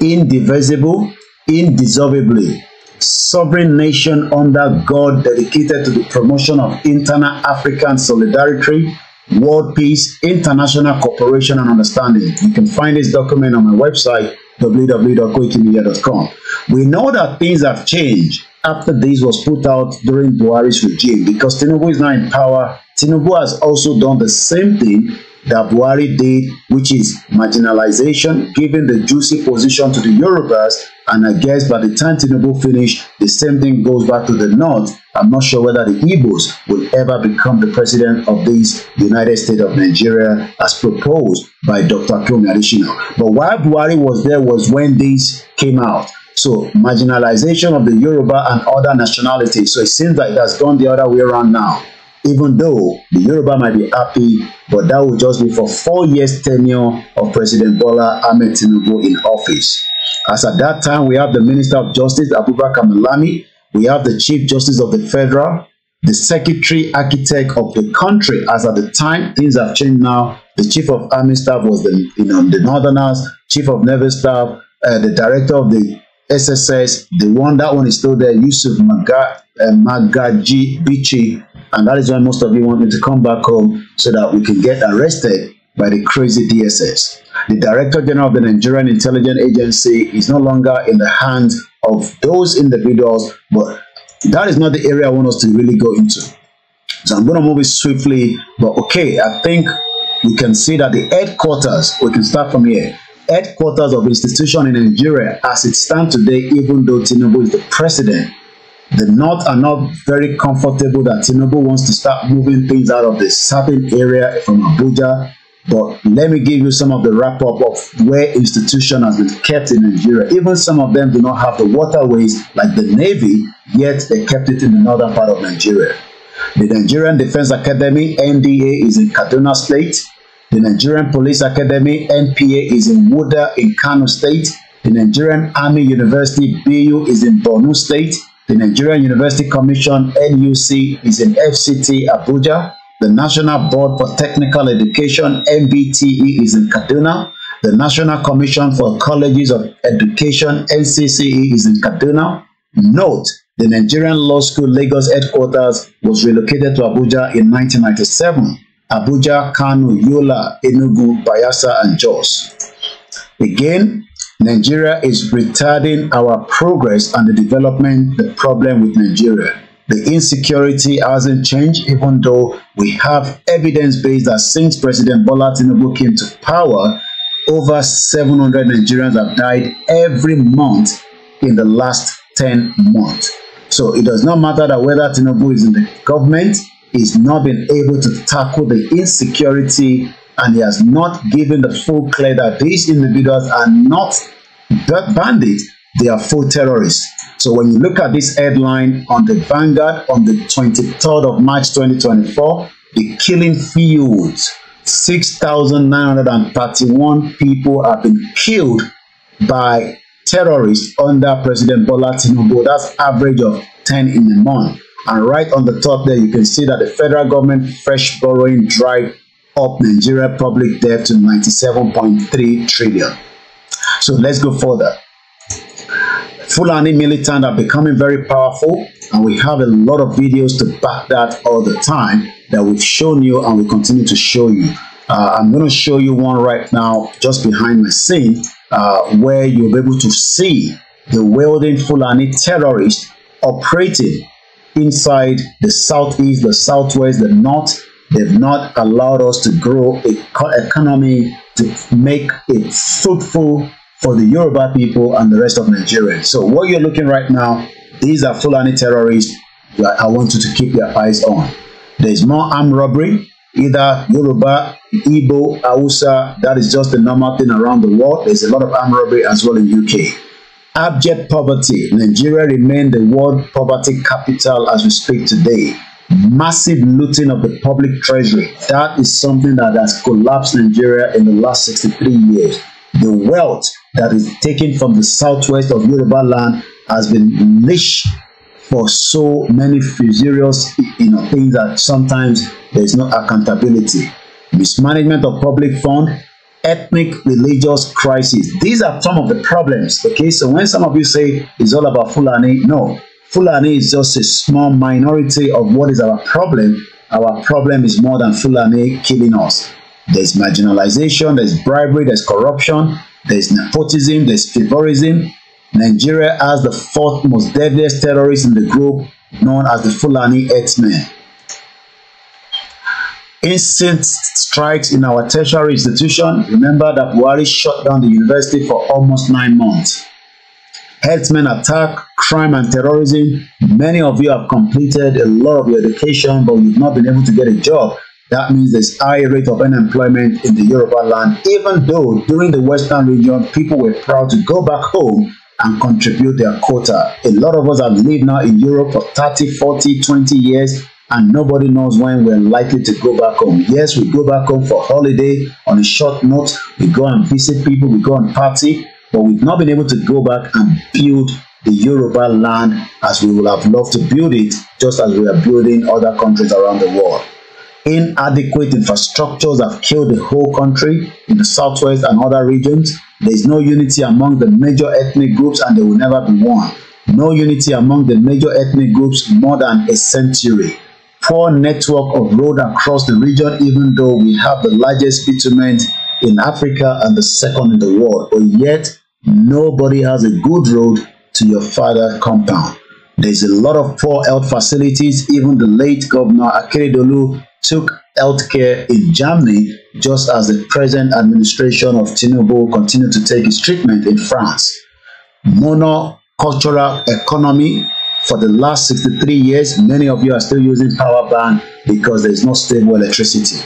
indivisible, indissolubly, sovereign nation under God dedicated to the promotion of internal African solidarity World Peace International Cooperation and Understanding. You can find this document on my website, www.koikimedia.com. We know that things have changed after this was put out during Buhari's regime because Tinubu is now in power. Tinubu has also done the same thing that Buhari did, which is marginalization, giving the juicy position to the Yorubas And I guess by the time Tinubu finished, the same thing goes back to the north. I'm not sure whether the Igbos will ever become the president of this United States of Nigeria as proposed by Dr. Kwame Adesina. But while Buhari was there was when this came out. So marginalization of the Yoruba and other nationalities. So it seems like that's gone the other way around now. Even though the Yoruba might be happy, but that will just be for four years tenure of President Bola Ahmed Tinubu in office. As at that time, we have the Minister of Justice, Abubakar Malami. We have the Chief Justice of the Federal, the Secretary Architect of the country. As at the time, things have changed now. The Chief of Army Staff was the, you know, the Northerners, Chief of Naval Staff, uh, the Director of the SSS, the one, that one is still there, Yusuf Maga, uh, Magaji Bichi. And that is why most of you want me to come back home so that we can get arrested by the crazy DSS the Director General of the Nigerian Intelligence Agency is no longer in the hands of those individuals, but that is not the area I want us to really go into. So I'm going to move it swiftly, but okay, I think we can see that the headquarters, we can start from here, headquarters of institution in Nigeria as it stands today, even though Tinubu is the president, the North are not very comfortable that Tinubu wants to start moving things out of the southern area from Abuja But let me give you some of the wrap up of where institution has been kept in Nigeria. Even some of them do not have the waterways like the Navy, yet they kept it in the northern part of Nigeria. The Nigerian Defense Academy, NDA, is in Kaduna State. The Nigerian Police Academy, NPA, is in Wuda in Kano State. The Nigerian Army University, BU, is in Borno State. The Nigerian University Commission, NUC, is in FCT, Abuja. The National Board for Technical Education, NBTE, is in Kaduna. The National Commission for Colleges of Education, NCCE, is in Kaduna. Note, the Nigerian Law School Lagos headquarters was relocated to Abuja in 1997. Abuja, Kano, Yola, Enugu, Bayelsa, and Jos. Again, Nigeria is retarding our progress and the development, the problem with Nigeria. The insecurity hasn't changed, even though we have evidence based that since President Bola Tinubu came to power, over 700 Nigerians have died every month in the last 10 months. So it does not matter that whether Tinubu is in the government, he's not been able to tackle the insecurity and he has not given the full clear that these individuals are not bandits They are full terrorists. So when you look at this headline on the Vanguard on the 23rd of March 2024, the killing fields, 6,931 people have been killed by terrorists under President Bola Tinubu. That's average of 10 in a month. And right on the top there, you can see that the federal government fresh borrowing drive up Nigeria public debt to 97.3 trillion. So let's go further. Fulani militant are becoming very powerful and we have a lot of videos to back that all the time that we've shown you and we continue to show you. Uh, I'm going to show you one right now just behind my scene uh, where you'll be able to see the welding Fulani terrorists operating inside the southeast, the southwest, the north. They've not allowed us to grow a economy to make it fruitful for the Yoruba people and the rest of Nigeria. So what you're looking right now, these are Fulani terrorists that I want you to keep your eyes on. There's more armed robbery, either Yoruba, Igbo, Hausa, that is just the normal thing around the world. There's a lot of armed robbery as well in UK. Abject poverty. Nigeria remains the world poverty capital as we speak today. Massive looting of the public treasury. That is something that has collapsed Nigeria in the last 63 years. The wealth that is taken from the southwest of Yoruba land has been niche for so many furious you know, things that sometimes there is no accountability. Mismanagement of public fund, ethnic religious crisis. These are some of the problems, okay? So when some of you say it's all about Fulani, no. Fulani is just a small minority of what is our problem. Our problem is more than Fulani killing us. There's marginalization, there's bribery, there's corruption, there's nepotism, there's favorism. Nigeria has the fourth most deadliest terrorist in the group known as the Fulani X-Men. Instant strikes in our tertiary institution. Remember that Buhari shut down the university for almost nine months. Headsmen attack, crime and terrorism. Many of you have completed a lot of your education, but you've not been able to get a job That means there's high rate of unemployment in the Yoruba land, even though during the Western region, people were proud to go back home and contribute their quota. A lot of us have lived now in Europe for 30, 40, 20 years, and nobody knows when we're likely to go back home. Yes, we go back home for holiday on a short note. We go and visit people, we go and party, but we've not been able to go back and build the Yoruba land as we would have loved to build it, just as we are building other countries around the world. Inadequate infrastructures have killed the whole country in the southwest and other regions. There is no unity among the major ethnic groups and there will never be one. No unity among the major ethnic groups more than a century. Poor network of road across the region even though we have the largest bitumen in Africa and the second in the world, but yet nobody has a good road to your father compound. There's a lot of poor health facilities. Even the late governor Akeredolu took healthcare in Germany, just as the present administration of Tinubu continued to take his treatment in France. Monocultural economy. For the last 63 years, many of you are still using power bank because there is no stable electricity.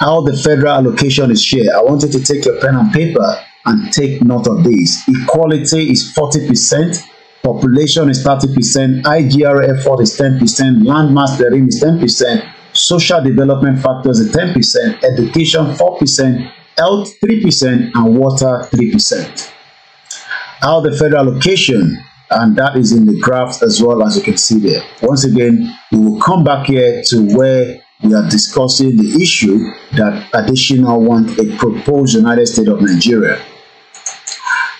How the federal allocation is shared. I want you to take your pen and paper and take note of this. Equality is 40%, population is 30%, IGR effort is 10%, land mass therein is 10%, social development factors at 10%, education 4%, health 3%, and water 3%. Our the federal allocation, and that is in the graph as well as you can see there. Once again, we will come back here to where we are discussing the issue that additional want a proposed United States of Nigeria.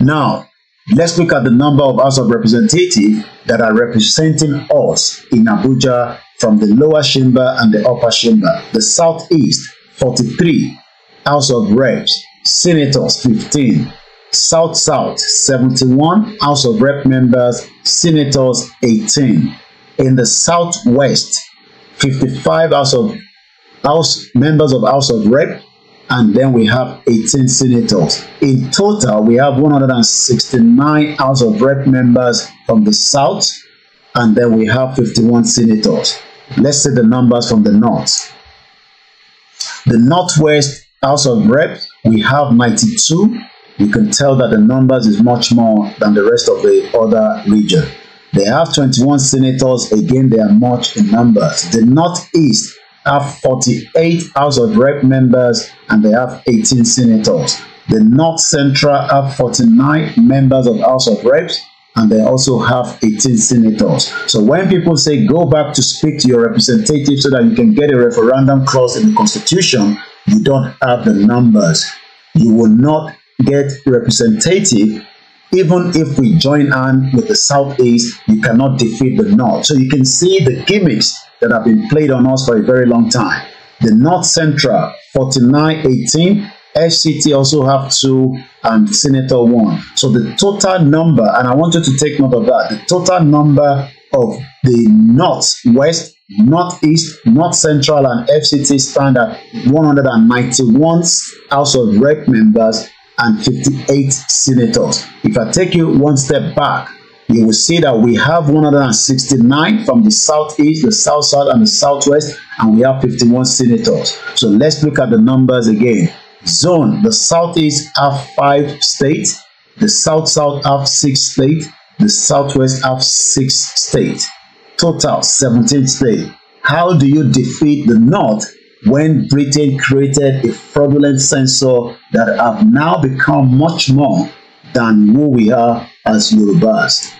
Now, Let's look at the number of House of Representatives that are representing us in Abuja from the lower chamber and the upper chamber. The Southeast, 43. House of Reps, Senators, 15. South South, 71. House of Rep members, Senators, 18. In the Southwest, 55 House of House members of House of Rep, and then we have 18 senators. In total, we have 169 House of Rep members from the South, and then we have 51 senators. Let's see the numbers from the North. The Northwest House of Rep, we have 92. You can tell that the numbers is much more than the rest of the other region. They have 21 senators. Again, they are much in numbers. The Northeast, have 48 House of Rep members and they have 18 senators. The North Central have 49 members of House of Reps and they also have 18 senators. So when people say go back to speak to your representative so that you can get a referendum clause in the constitution, you don't have the numbers. You will not get representative even if we join hand with the southeast you cannot defeat the north so you can see the gimmicks that have been played on us for a very long time. The North Central 49-18, FCT also have two and Senator one. So the total number, and I want you to take note of that, the total number of the North, West, Northeast, North Central, and FCT stand at 191 House of Rep members and 58 senators. If I take you one step back, you will see that we have 169 from the southeast, the south south, and the southwest, and we have 51 senators. So let's look at the numbers again. Zone, the southeast have five states, the south south have six states, the southwest have six states. Total 17 states. How do you defeat the north when Britain created a fraudulent censor that have now become much more than who we are as Yorubas.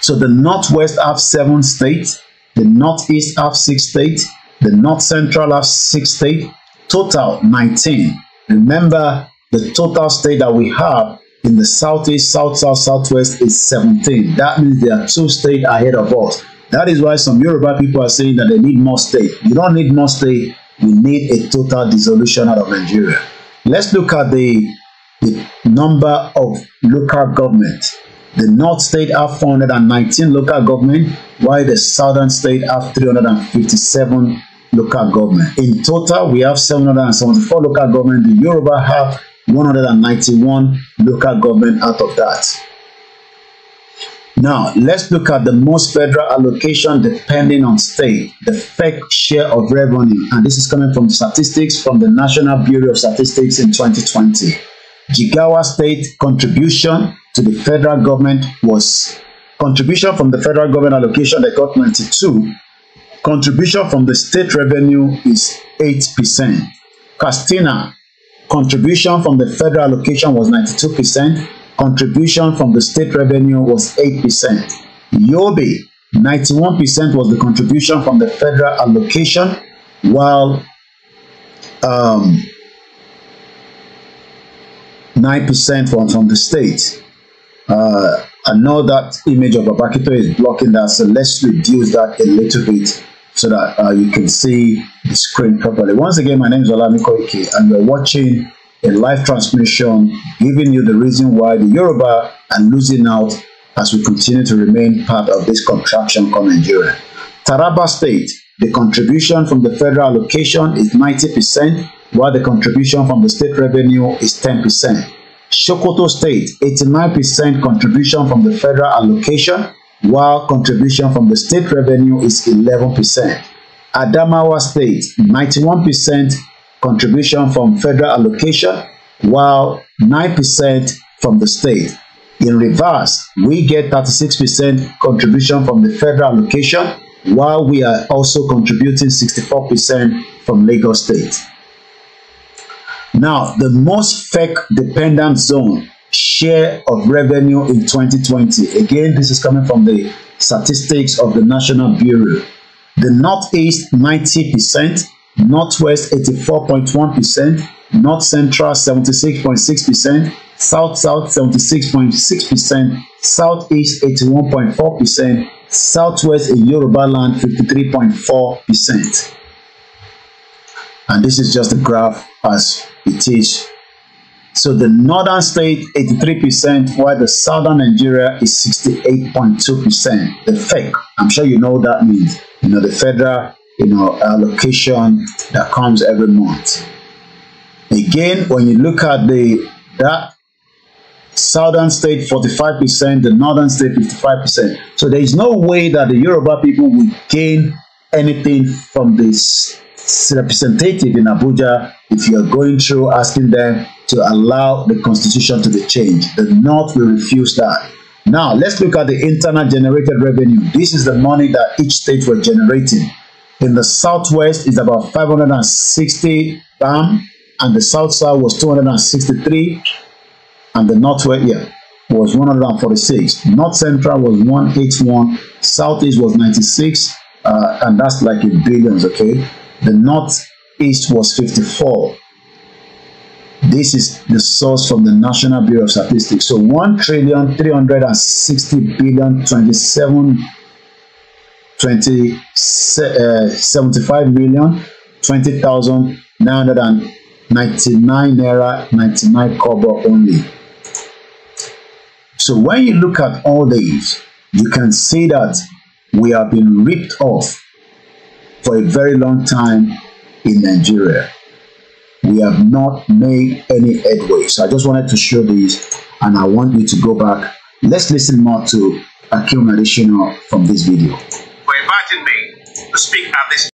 So the Northwest have seven states, the Northeast have six states, the North Central have six states, total 19. Remember, the total state that we have in the Southeast, South, South, Southwest is 17. That means there are two states ahead of us. That is why some Yoruba people are saying that they need more state. You don't need more state. We need a total dissolution out of Nigeria. Let's look at the, the number of local governments The North State have 419 local government, while the Southern State have 357 local government. In total, we have 774 local government. The Yoruba have 191 local government out of that. Now, let's look at the most federal allocation depending on state, the fake share of revenue. And this is coming from statistics from the National Bureau of Statistics in 2020. Jigawa State contribution to the federal government was contribution from the federal government allocation that got 92 contribution from the state revenue is 8%. Castina, contribution from the federal allocation was 92%. Contribution from the state revenue was 8%. Yobe, 91% was the contribution from the federal allocation, while um, 9% from, from the state. Uh, I know that image of Babakito is blocking that, so let's reduce that a little bit so that uh, you can see the screen properly. Once again, my name is Olamiko Ike, and you're watching a live transmission giving you the reason why the Yoruba are losing out as we continue to remain part of this contraction come Nigeria. Taraba State, the contribution from the federal allocation is 90%, while the contribution from the state revenue is 10%. Sokoto State, 89% contribution from the federal allocation, while contribution from the state revenue is 11%. Adamawa State, 91% contribution from federal allocation, while 9% from the state. In reverse, we get 36% contribution from the federal allocation, while we are also contributing 64% from Lagos State. Now, the most FEC dependent zone share of revenue in 2020. Again, this is coming from the statistics of the National Bureau. The Northeast 90%, Northwest 84.1%, North Central 76.6%, South South 76.6%, Southeast 81.4%, Southwest in Yoruba land 53.4%. And this is just the graph as it is. So the northern state 83%, while the southern Nigeria is 68.2%. The fake. I'm sure you know what that means. You know, the federal, you know, allocation that comes every month. Again, when you look at the that southern state 45%, the northern state 55%. So there is no way that the Yoruba people will gain anything from this representative in Abuja if you are going through asking them to allow the constitution to be changed. The North will refuse that. Now, let's look at the internal generated revenue. This is the money that each state was generating. In the Southwest, is about 560 BAM, and the South South was 263, and the Northwest, yeah, was 146. North Central was 181, Southeast was 96, uh, and that's like in billions, okay? The North East was 54. This is the source from the National Bureau of Statistics. So 1 trillion 360 billion 27 20, uh, 75 million 20,999 naira 99 kobo only. So when you look at all these, you can see that we have been ripped off for a very long time in Nigeria. We have not made any headway. So I just wanted to show this and I want you to go back. Let's listen more to Akim additional from this video. For inviting me to speak at this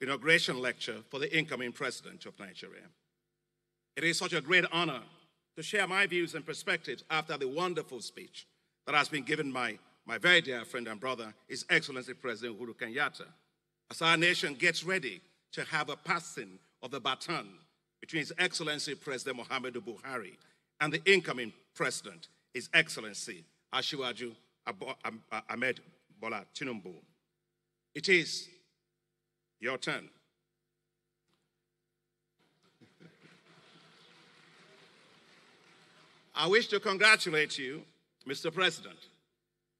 inauguration lecture for the incoming president of Nigeria. It is such a great honor to share my views and perspectives after the wonderful speech that has been given by my very dear friend and brother, His Excellency President Uhuru Kenyatta as our nation gets ready to have a passing of the baton between His Excellency President Mohamed Buhari and the incoming President, His Excellency Ashiwaju Ahmed Bola Tinubu. It is your turn. I wish to congratulate you, Mr. President,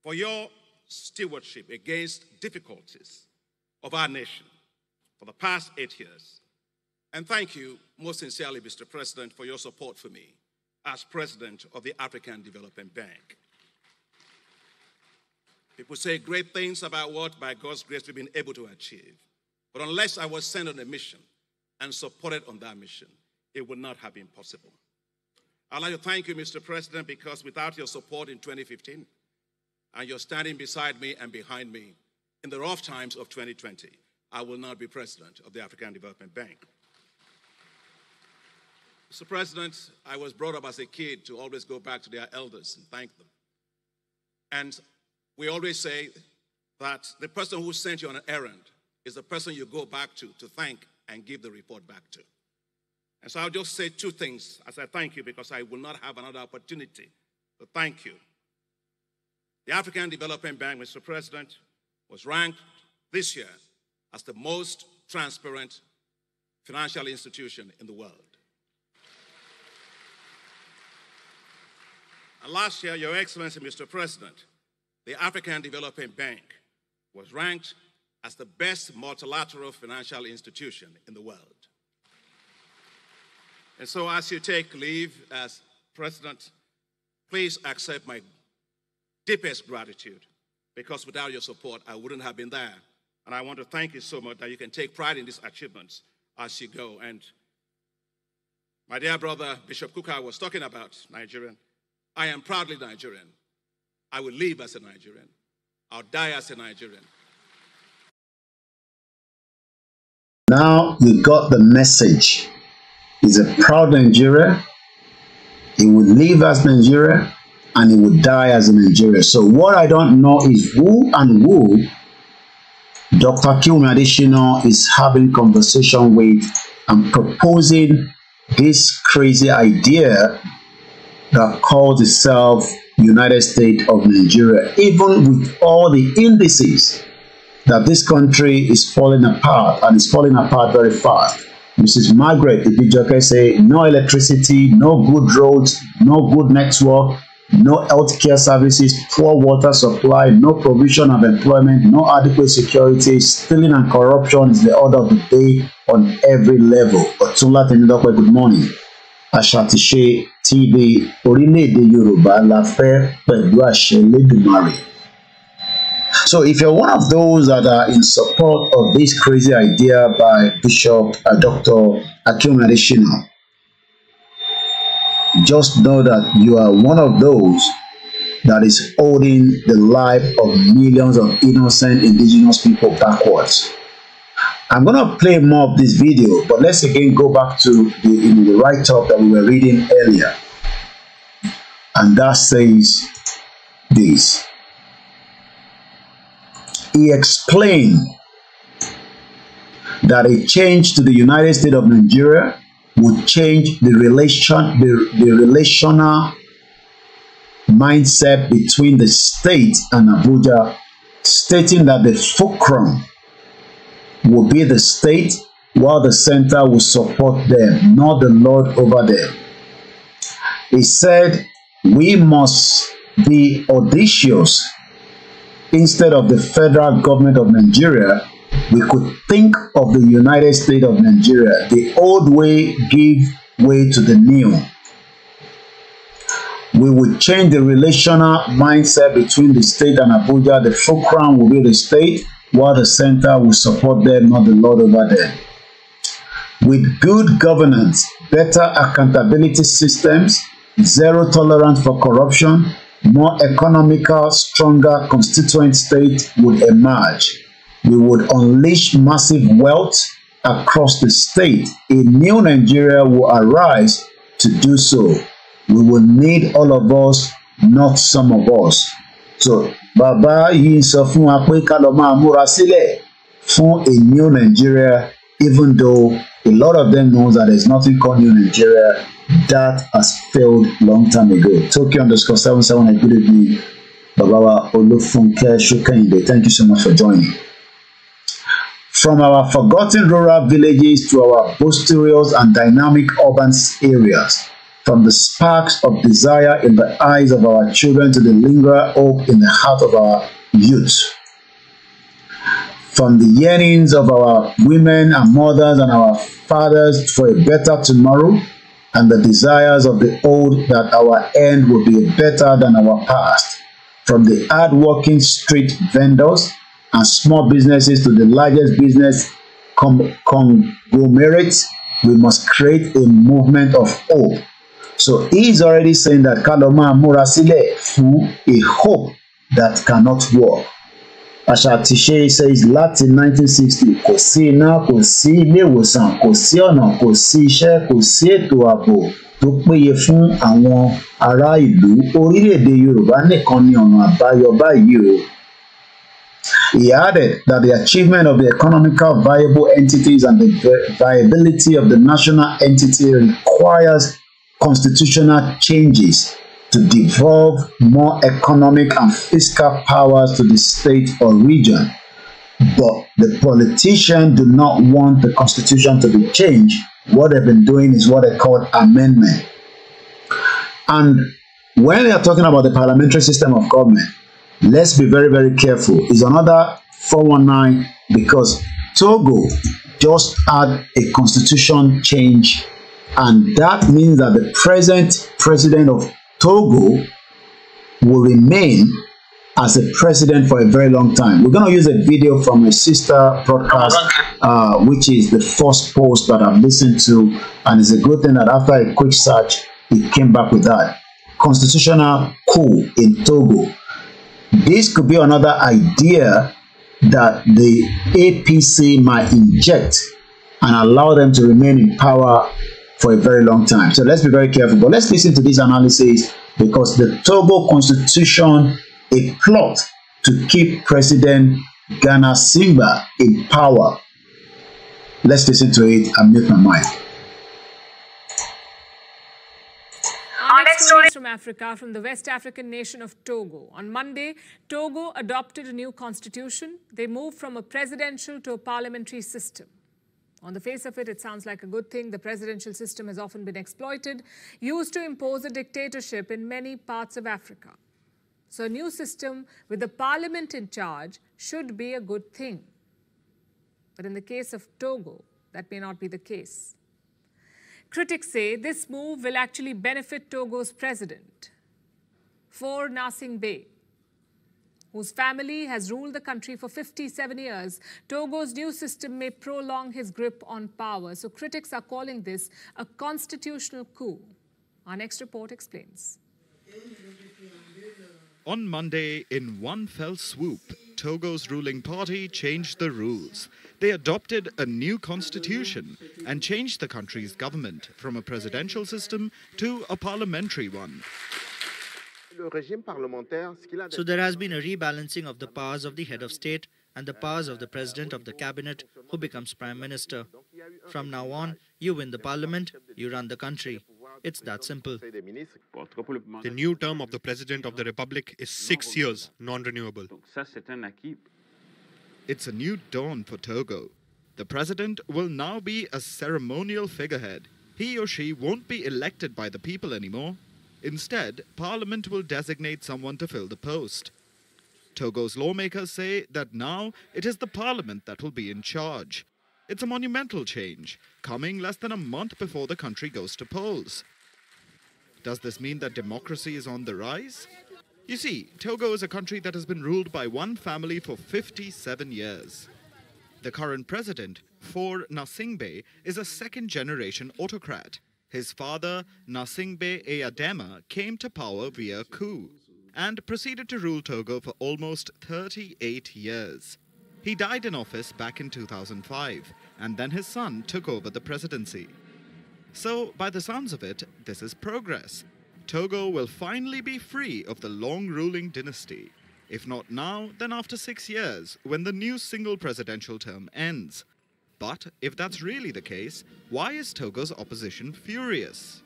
for your stewardship against difficulties of our nation for the past eight years. And thank you most sincerely, Mr. President, for your support for me as president of the African Development Bank. People say great things about what, by God's grace, we've been able to achieve. But unless I was sent on a mission and supported on that mission, it would not have been possible. I'd like to thank you, Mr. President, because without your support in 2015 and your standing beside me and behind me, in the rough times of 2020, I will not be president of the African Development Bank. Mr. President, I was brought up as a kid to always go back to their elders and thank them. And we always say that the person who sent you on an errand is the person you go back to to thank and give the report back to. And so I'll just say two things as I thank you because I will not have another opportunity to thank you. The African Development Bank, Mr. President, was ranked this year as the most transparent financial institution in the world. And last year, Your Excellency, Mr. President, the African Development Bank was ranked as the best multilateral financial institution in the world. And so, as you take leave as President, please accept my deepest gratitude because without your support, I wouldn't have been there. And I want to thank you so much that you can take pride in these achievements as you go. And my dear brother, Bishop Kuka was talking about Nigerian. I am proudly Nigerian. I will live as a Nigerian. I'll die as a Nigerian. Now you got the message. He's a proud Nigerian. He will live as Nigerian and he would die as a Nigerian. So what I don't know is who and who Dr. Kiwumi Adishino is having conversation with and proposing this crazy idea that calls itself United States of Nigeria, even with all the indices that this country is falling apart and is falling apart very fast. Mrs. Margaret the Ibijoke say no electricity, no good roads, no good network, no healthcare services, poor water supply, no provision of employment, no adequate security, stealing and corruption is the order of the day on every level. Ọ̀túnlá Tẹ̀mídọ́pẹ́ good morning. Àṣà ti ṣe ti ibi orílẹ̀-èdè Yorùbá la fẹ́ pẹ̀lú àṣẹ Elédùmarè. So if you're one of those that are in support of this crazy idea by Bishop uh, Dr. Akim Adesina, just know that you are one of those that is holding the life of millions of innocent indigenous people backwards. I'm gonna play more of this video, but let's again go back to the, right top the that we were reading earlier. And that says this. He explained that a change to the United States of Nigeria would change the relation the, the relational mindset between the state and Abuja, stating that the fulcrum will be the state while the center will support them, not the Lord over them. He said, we must be audacious instead of the federal government of Nigeria we could think of the United States of Nigeria, the old way give way to the new. We would change the relational mindset between the state and Abuja. The fulcrum will be the state, while the center will support them, not the Lord over them. With good governance, better accountability systems, zero tolerance for corruption, more economical, stronger constituent state would emerge we would unleash massive wealth across the state. A new Nigeria will arise to do so. We will need all of us, not some of us. So, Baba, yìí sọ fún wa pé ká lọ máa múra sílẹ̀ fún a new Nigeria even though a lot of them know that there's nothing called new Nigeria that has failed long time ago. Tokyo underscore seven seven. Good evening, Baba Olufunke Shukende. Thank you so much for joining from our forgotten rural villages to our boisterous and dynamic urban areas, from the sparks of desire in the eyes of our children to the lingering hope in the heart of our youth, from the yearnings of our women and mothers and our fathers for a better tomorrow, and the desires of the old that our end will be better than our past, from the hard-working street vendors and small businesses to the largest business conglomerates, we must create a movement of hope. So he is already saying that Kaloma múra sílẹ̀ a hope that cannot work. Asha Àṣàtìṣe says láti 1960 kò sí iná kò sí ilé ìwòsàn kò sí ọ̀nà kò sí iṣẹ́ kò sí ètò ààbò tó péye fún àwọn ará ìlú orílẹ̀-èdè Yorùbá nìkan ni ọ̀nà àbáyọ báyìí o. He added that the achievement of the economical viable entities and the viability of the national entity requires constitutional changes to devolve more economic and fiscal powers to the state or region. But the politicians do not want the constitution to be changed. What they've been doing is what they call amendment. And when they are talking about the parliamentary system of government, Let's be very, very careful. It's another 419 because Togo just had a constitution change and that means that the present president of Togo will remain as a president for a very long time. We're going to use a video from a sister broadcast, uh, which is the first post that I've listened to, and it's a good thing that after a quick search, it came back with that. Constitutional coup in Togo. This could be another idea that the APC might inject and allow them to remain in power for a very long time. So let's be very careful. But let's listen to this analysis because the Togo constitution, a plot to keep President Ghana Simba in power. Let's listen to it and mute my mic. stories from Africa, from the West African nation of Togo. On Monday, Togo adopted a new constitution. They moved from a presidential to a parliamentary system. On the face of it, it sounds like a good thing. The presidential system has often been exploited, used to impose a dictatorship in many parts of Africa. So a new system with the parliament in charge should be a good thing. But in the case of Togo, that may not be the case. Critics say this move will actually benefit Togo's president, for Nasing Bey, whose family has ruled the country for 57 years. Togo's new system may prolong his grip on power. So critics are calling this a constitutional coup. Our next report explains. On Monday, in one fell swoop, Togo's ruling party changed the rules. They adopted a new constitution and changed the country's government from a presidential system to a parliamentary one. So there has been a rebalancing of the powers of the head of state and the powers of the president of the cabinet who becomes prime minister. From now on, you win the parliament, you run the country. It's that simple. The new term of the president of the republic is six years, non renewable. It's a new dawn for Togo. The president will now be a ceremonial figurehead. He or she won't be elected by the people anymore. Instead, parliament will designate someone to fill the post. Togo's lawmakers say that now it is the parliament that will be in charge. It's a monumental change, coming less than a month before the country goes to polls. Does this mean that democracy is on the rise? You see, Togo is a country that has been ruled by one family for 57 years. The current president, For Nasingbe, is a second generation autocrat. His father, Nasingbe Eyadema, came to power via coup and proceeded to rule Togo for almost 38 years. He died in office back in 2005, and then his son took over the presidency. So, by the sounds of it, this is progress, Togo will finally be free of the long ruling dynasty. If not now, then after six years, when the new single presidential term ends. But if that's really the case, why is Togo's opposition furious?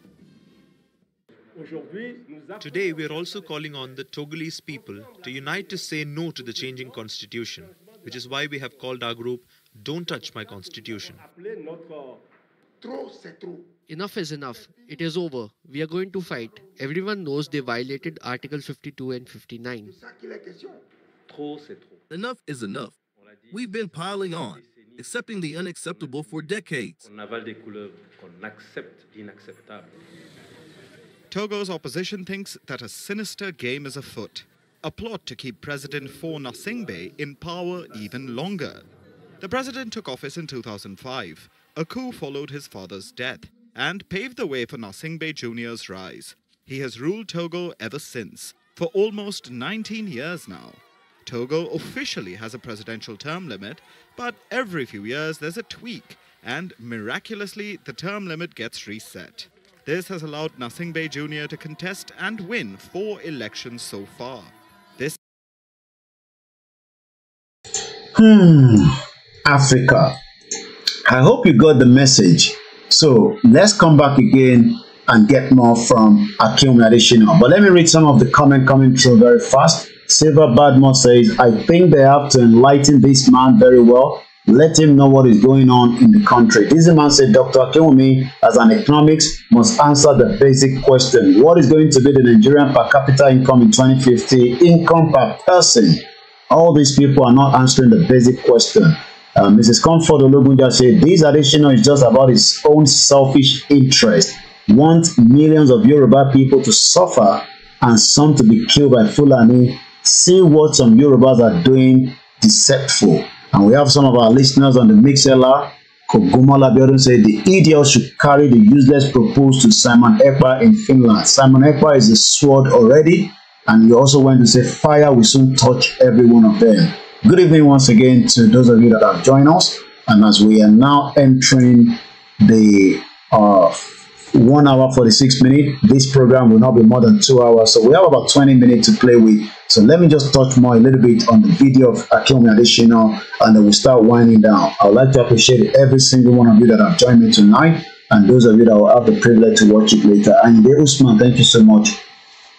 Today, we are also calling on the Togolese people to unite to say no to the changing constitution, which is why we have called our group Don't Touch My Constitution. Enough is enough. It is over. We are going to fight. Everyone knows they violated Article 52 and 59. Enough is enough. We've been piling on, accepting the unacceptable for decades. Togo's opposition thinks that a sinister game is afoot. A plot to keep President Faure Nasingbe in power even longer. The president took office in 2005 a coup followed his father's death and paved the way for Nasingbe Jr.'s rise. He has ruled Togo ever since, for almost 19 years now. Togo officially has a presidential term limit, but every few years there's a tweak, and miraculously, the term limit gets reset. This has allowed Nasingbe Jr. to contest and win four elections so far. This. Hmm, Africa. I hope you got the message. So let's come back again and get more from Akim Adishino. But let me read some of the comment coming through very fast. Silver Badmore says, I think they have to enlighten this man very well. Let him know what is going on in the country. This man said, Dr. Akinwumi, as an economics, must answer the basic question. What is going to be the Nigerian per capita income in 2050, income per person? All these people are not answering the basic question. Uh, Mrs. Comfort Ologunja said, This additional is just about his own selfish interest. Want millions of Yoruba people to suffer and some to be killed by Fulani. See what some Yorubas are doing deceitful. And we have some of our listeners on the mixer. Kogumola Biodun said, The idiot should carry the useless proposal to Simon Ekpa in Finland. Simon Ekpa is a sword already. And he also went to say, Fire will soon touch every one of them. Good evening once again to those of you that have joined us. And as we are now entering the uh, 1 hour 46 minute, this program will not be more than 2 hours. So we have about 20 minutes to play with. So let me just touch more a little bit on the video of Akiomi Additional and then we'll start winding down. I would like to appreciate every single one of you that have joined me tonight and those of you that will have the privilege to watch it later. And Usman, thank you so much.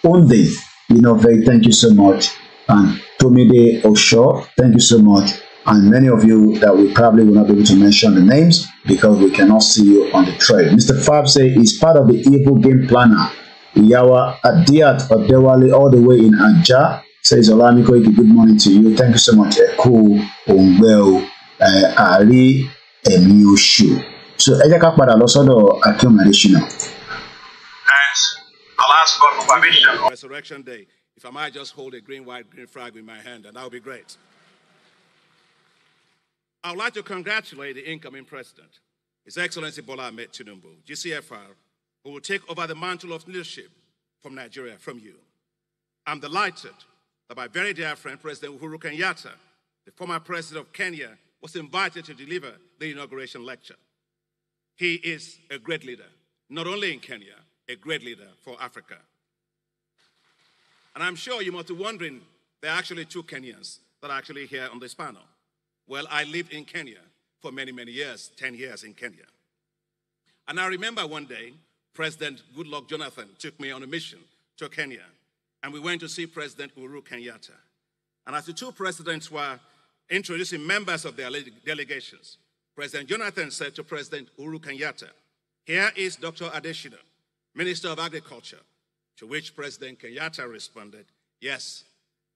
Undi, you know, very thank you so much. and Tomide Osho. Thank you so much. And many of you that we probably will not be able to mention the names because we cannot see you on the trail. Mr. Fab say he's part of the evil game planner. Yawa Adiat Odewale all the way in Anja says Olamiko good morning to you. Thank you so much. Eku Ongweo eh, Ali Emioshu. So ẹ jẹ́ ká padà lọ sọ́dọ̀ Akim Adesina. Thanks. I'll ask God for permission. Resurrection Day. If I might just hold a green, white, green flag in my hand, and that would be great. I would like to congratulate the incoming president, His Excellency Bola Ahmed Tinubu, GCFR, who will take over the mantle of leadership from Nigeria from you. I'm delighted that my very dear friend, President Uhuru Kenyatta, the former president of Kenya, was invited to deliver the inauguration lecture. He is a great leader, not only in Kenya, a great leader for Africa. And I'm sure you must be wondering, there are actually two Kenyans that are actually here on this panel. Well, I lived in Kenya for many, many years, 10 years in Kenya. And I remember one day, President Goodluck Jonathan took me on a mission to Kenya, and we went to see President Uhuru Kenyatta. And as the two presidents were introducing members of their delegations, President Jonathan said to President Uhuru Kenyatta, Here is Dr. Adeshina, Minister of Agriculture, to which President Kenyatta responded, Yes,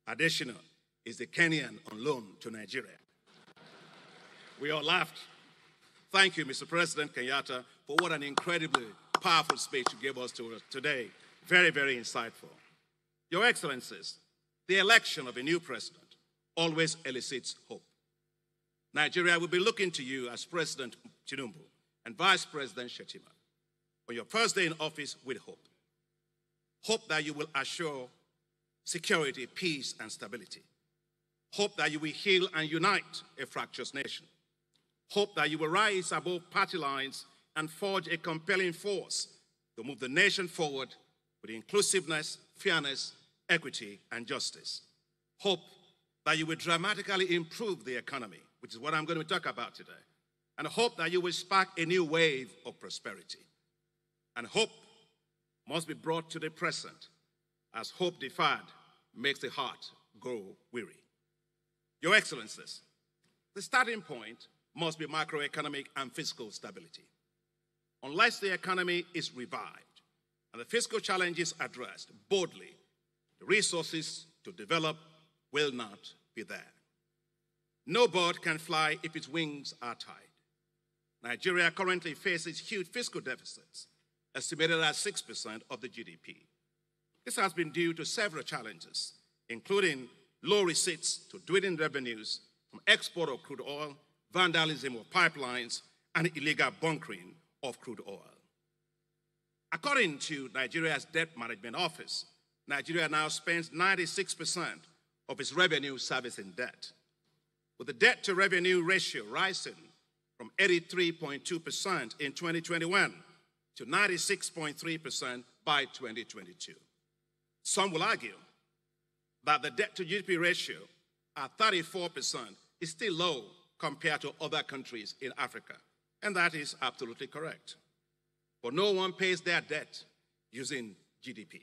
additional is the Kenyan on loan to Nigeria. We all laughed. Thank you, Mr. President Kenyatta, for what an incredibly powerful speech you gave us to today. Very, very insightful. Your Excellencies, the election of a new president always elicits hope. Nigeria will be looking to you as President Tinubu and Vice President Shetima on your first day in office with hope. Hope that you will assure security, peace, and stability. Hope that you will heal and unite a fractious nation. Hope that you will rise above party lines and forge a compelling force to move the nation forward with inclusiveness, fairness, equity, and justice. Hope that you will dramatically improve the economy, which is what I'm going to talk about today, and hope that you will spark a new wave of prosperity. And hope must be brought to the present as hope deferred makes the heart grow weary. Your Excellencies, the starting point must be macroeconomic and fiscal stability. Unless the economy is revived and the fiscal challenges addressed boldly, the resources to develop will not be there. No bird can fly if its wings are tied. Nigeria currently faces huge fiscal deficits estimated at 6% of the GDP. This has been due to several challenges, including low receipts to dwindling revenues from export of crude oil, vandalism of pipelines, and illegal bunkering of crude oil. According to Nigeria's Debt Management Office, Nigeria now spends 96% of its revenue servicing debt, with the debt to revenue ratio rising from 83.2% in 2021 to 96.3% by 2022. Some will argue that the debt to GDP ratio at 34% is still low compared to other countries in Africa, and that is absolutely correct. But no one pays their debt using GDP.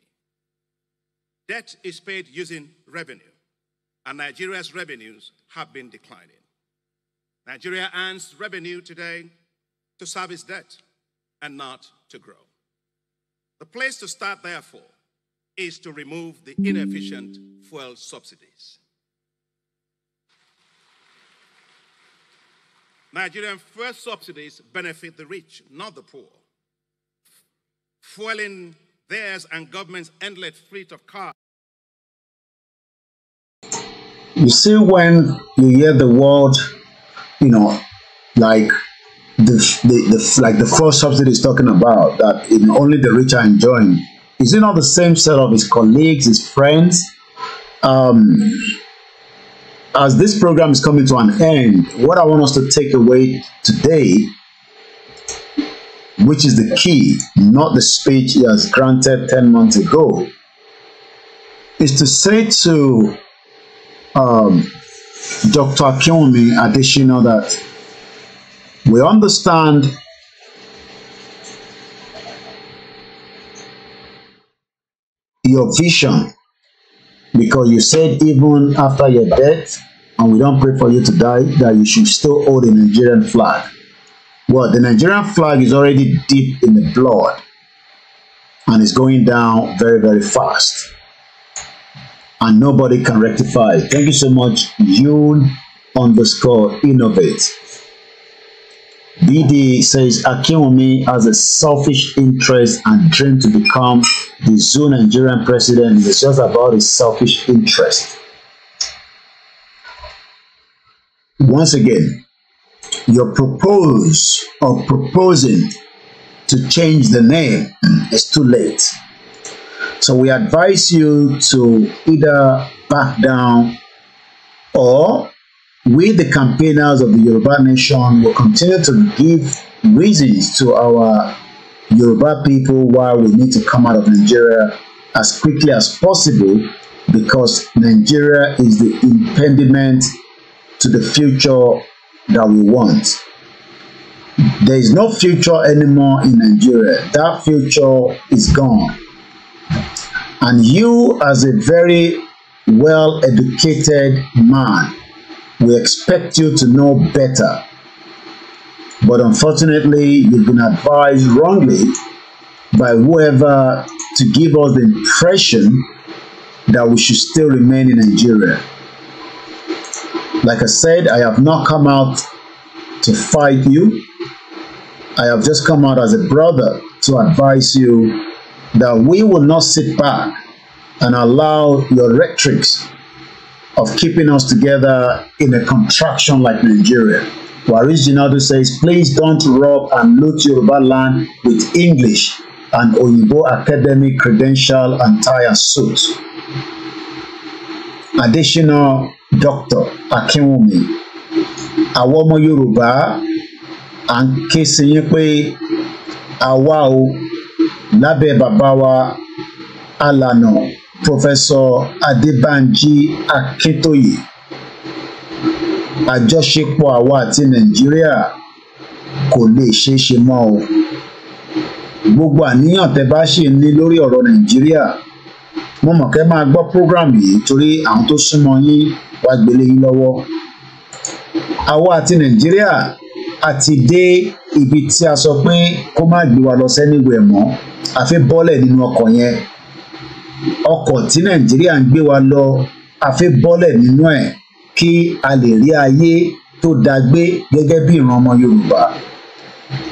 Debt is paid using revenue, and Nigeria's revenues have been declining. Nigeria earns revenue today to service debt and not to grow. The place to start, therefore, is to remove the inefficient fuel subsidies. Nigerian fuel subsidies benefit the rich, not the poor. Fueling theirs and government's endless fleet of cars. You see, when you hear the word, you know, like the, the, the like the first subsidy is talking about that in only the rich are enjoying is it not the same set of his colleagues his friends um, as this program is coming to an end what i want us to take away today which is the key not the speech he has granted 10 months ago is to say to um, Dr. Akiomi additional that we understand your vision because you said even after your death and we don't pray for you to die that you should still hold the Nigerian flag well the Nigerian flag is already deep in the blood and it's going down very very fast and nobody can rectify it thank you so much you underscore innovate DD says Akinwumi has a selfish interest and dream to become the zoo Nigerian president. It's just about his selfish interest. Once again, your propose or proposing to change the name is too late. So we advise you to either back down or We, the campaigners of the Yoruba nation, will continue to give reasons to our Yoruba people why we need to come out of Nigeria as quickly as possible because Nigeria is the impediment to the future that we want. There is no future anymore in Nigeria. That future is gone. And you, as a very well-educated man, We expect you to know better. But unfortunately, you've been advised wrongly by whoever to give us the impression that we should still remain in Nigeria. Like I said, I have not come out to fight you. I have just come out as a brother to advise you that we will not sit back and allow your rhetorics of keeping us together in a contraction like Nigeria. Waris Jinadu says, please don't rob and loot Yoruba land with English and Oyibo academic credential and tie suit. Additional Dr. Akinwumi, àwọn ọmọ and à ń ké sí yín pé Professor Adébánjí Akíntóyè àjọṣepọ̀ àwa àti Nàìjíríà kò lè ṣeé ṣe mọ́ o gbogbo àníyàn tẹ́ bá ṣì ní lórí ọ̀rọ̀ Nàìjíríà mo mọ̀ kẹ́ máa gbọ́ program yìí torí àwọn tó súnmọ́ yín wá gbélé yín lọ́wọ́ àwa àti Nàìjíríà a ti dé ibi tí a sọ pé kó má gbé wa lọ sẹ́niwẹ̀ mọ́ àfi bọ́lẹ̀ nínú ọkọ̀ yẹn ọkọ̀ tí nàìjíríà ń gbé wa lọ afẹ́ bọ́lẹ̀ nínú ẹ̀ kí a lè rí ayé tó dáa gbé gẹ́gẹ́ bí ìran ọmọ yorùbá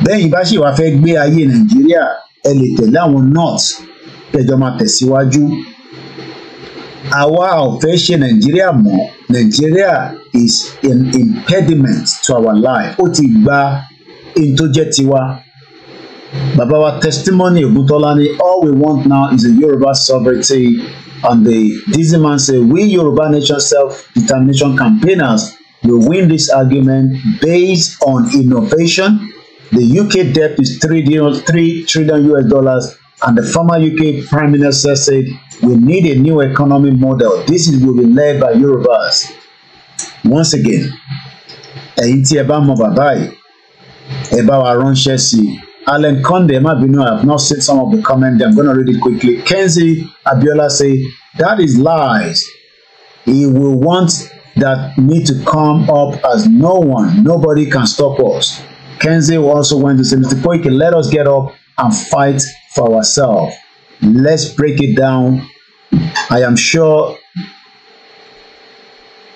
bẹ́yìn bá sì wá fẹ́ gbé ayé nàìjíríà ẹ lè tẹ̀lé àwọn north kẹjọ máa tẹ̀síwájú àwa ò fẹ́ ṣe nàìjíríà mọ́ nàìjíríà is an impediment to our life ó ti gba ohun tó jẹ́ tiwa Baba testimony Ogutola ni all we want now is a Yoruba sovereignty and the dizzy man say we Yoruba nation self-determination campaigners will win this argument based on innovation. The UK debt is three three trillion US dollars and the former UK Prime Minister said we need a new economic model. This is will be led by Yorubas. Once again, ẹ̀yin eba ẹ bá mọ bàbá wa ránṣẹ́ Alan Conde, might be no, I have not seen some of the comment. I'm going to read it quickly. Kenzie Abiola say, that is lies. He will want that me to come up as no one. Nobody can stop us. Kenzie also went to say, Mr. Koike, let us get up and fight for ourselves. Let's break it down. I am sure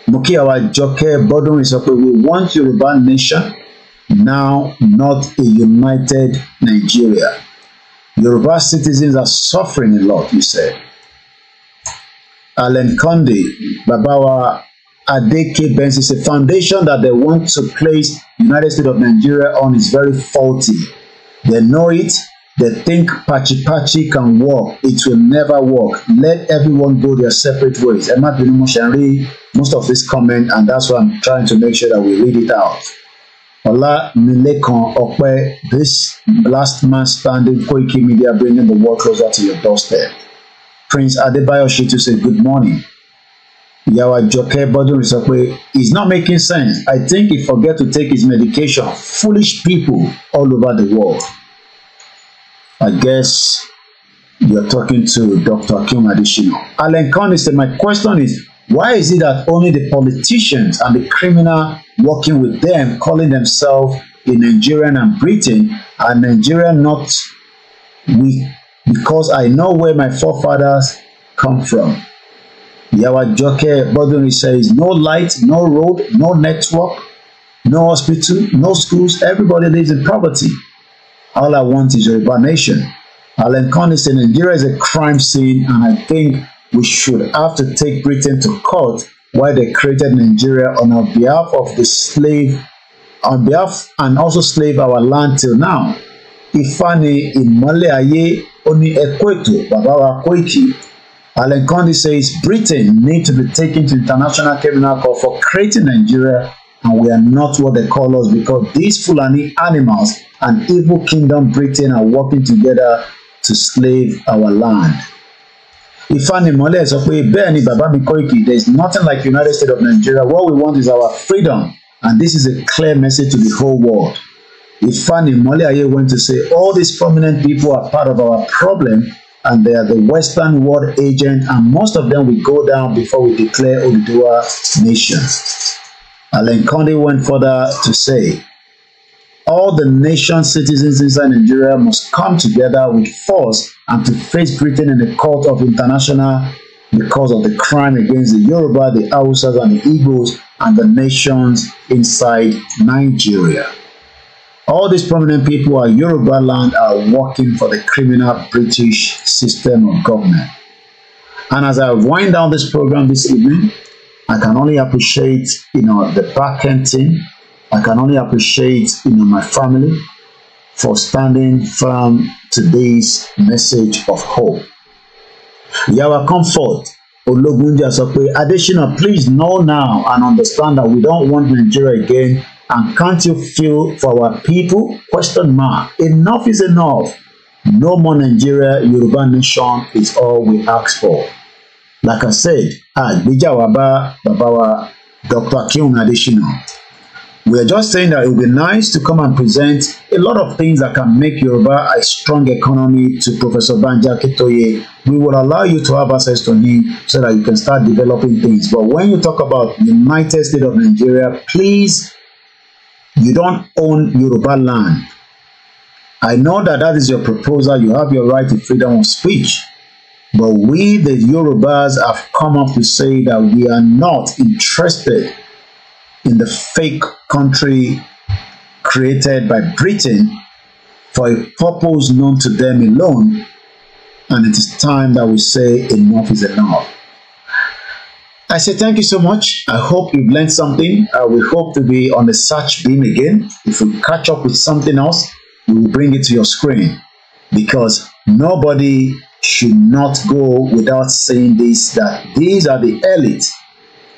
Mukiawa Joke Bodun is up. We want Yoruba nation now not a united Nigeria. Yoruba citizens are suffering a lot, he said. Alan Conde, Babawa Adeke Benz is a foundation that they want to place United States of Nigeria on is very faulty. They know it. They think pachi pachi can work. It will never work. Let everyone go their separate ways. I'm not read most of this comment, and that's why I'm trying to make sure that we read it out. Olamilekan Ope, this last man standing Koiki Media bringing the world closer to your doorstep. Prince Adebayo Shitu say Good morning. Yawa Joke Bodun is pé, It's not making sense. I think he forget to take his medication. Foolish people all over the world. I guess you're talking to Dr. Kim Adishino. Alan Khan said, My question is, Why is it that only the politicians and the criminal working with them calling themselves a Nigerian and Britain are Nigerian not we? Because I know where my forefathers come from. Yawa Joke Bodunri says, no light, no road, no network, no hospital, no schools. Everybody lives in poverty. All I want is Yoruba nation. Alan Connie said, Nigeria is a crime scene, and I think we should have to take Britain to court why they created Nigeria on our behalf of the slave, on behalf and also slave our land till now. Ifani Imole Aye Oni Ekweto Babawa Koiki. Alan Condi says Britain need to be taken to International Criminal Court for creating Nigeria and we are not what they call us because these Fulani animals and evil kingdom Britain are working together to slave our land. Ifanimole sọ pé bẹ́ẹ̀ ni bàbá mi Koiki there is nothing like United States of Nigeria what we want is our freedom and this is a clear message to the whole world. Ifanimole Aye went to say all these prominent people are part of our problem and they are the Western world agent and most of them will go down before we declare Oduduwa nation. Alenkonde went further to say all the nation citizens inside Nigeria must come together with force and to face Britain in the court of international because of the crime against the Yoruba, the Hausas, and the Igbos and the nations inside Nigeria. All these prominent people are Yoruba land are working for the criminal British system of government. And as I wind down this program this evening, I can only appreciate you know the back end team I can only appreciate you know my family for standing firm today's message of hope. Yawa Comfort Ologunja sọ pé Adesina please know now and understand that we don't want Nigeria again and can't you feel for our people? Question mark. Enough is enough. No more Nigeria, Yoruba nation is all we ask for. Like I said, àgbéjáwa bá bàbá wa Dr. Kiun Adesina. We are just saying that it would be nice to come and present a lot of things that can make Yoruba a strong economy to Professor Banja Kitoye. We will allow you to have access to him so that you can start developing things. But when you talk about United States of Nigeria, please, you don't own Yoruba land. I know that that is your proposal. You have your right to freedom of speech. But we, the Yorubas, have come up to say that we are not interested in the fake country created by Britain for a purpose known to them alone, and it is time that we say enough is enough. I say thank you so much. I hope you've learned something. Uh, we hope to be on the search beam again. If we catch up with something else, we will bring it to your screen because nobody should not go without saying this that these are the elite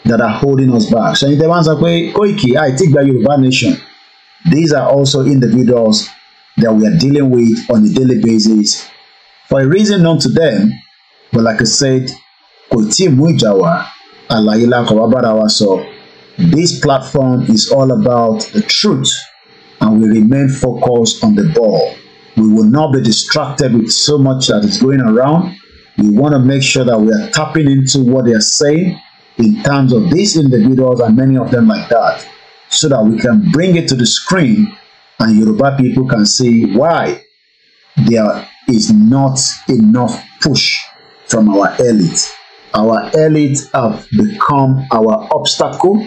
that are holding us back ṣẹyìn tẹ wá ń sọ pé Koiki àìtí gba Yorùbá nation these are also individuals that we are dealing with on a daily basis for a reason known to them but like I said kò Mujawa ì mú ìjà wa sọ this platform is all about the truth and we remain focused on the ball we will not be distracted with so much that is going around we want to make sure that we are tapping into what they are saying in terms of these individuals and many of them like that so that we can bring it to the screen and Yoruba people can see why there is not enough push from our elite. Our elite have become our obstacle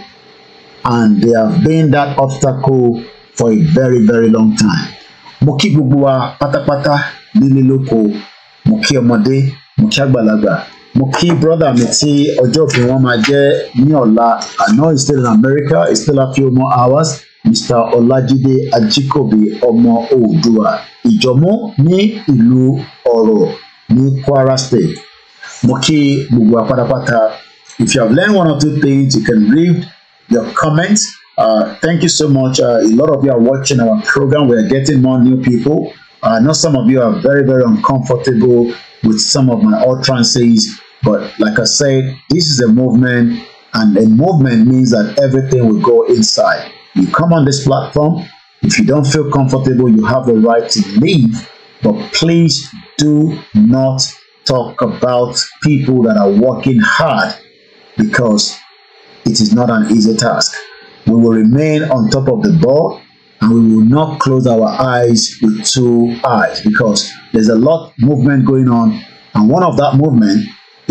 and they have been that obstacle for a very very long time. Moki kí gbogbo wa pátápátá nílé lóko, mo kí ọmọdé, mo kí mo kí brọ́dà mi tí ọjọ́ òfin wọn máa jẹ́ ní ọ̀la I know he's still in America it's still a few more hours Mr. Olajide Ajikobi, ọmọ Oòduà Ìjọ̀mú ní ìlú Ọ̀rọ̀ ní Kwara State mo kí gbogbo apátápátá if you have learned one or two things you can leave your comments uh, thank you so much uh, a lot of you are watching our program we are getting more new people I know some of you are very very uncomfortable with some of my utterances But like I said, this is a movement, and a movement means that everything will go inside. You come on this platform, if you don't feel comfortable, you have the right to leave, but please do not talk about people that are working hard because it is not an easy task. We will remain on top of the ball and we will not close our eyes with two eyes because there's a lot movement going on and one of that movement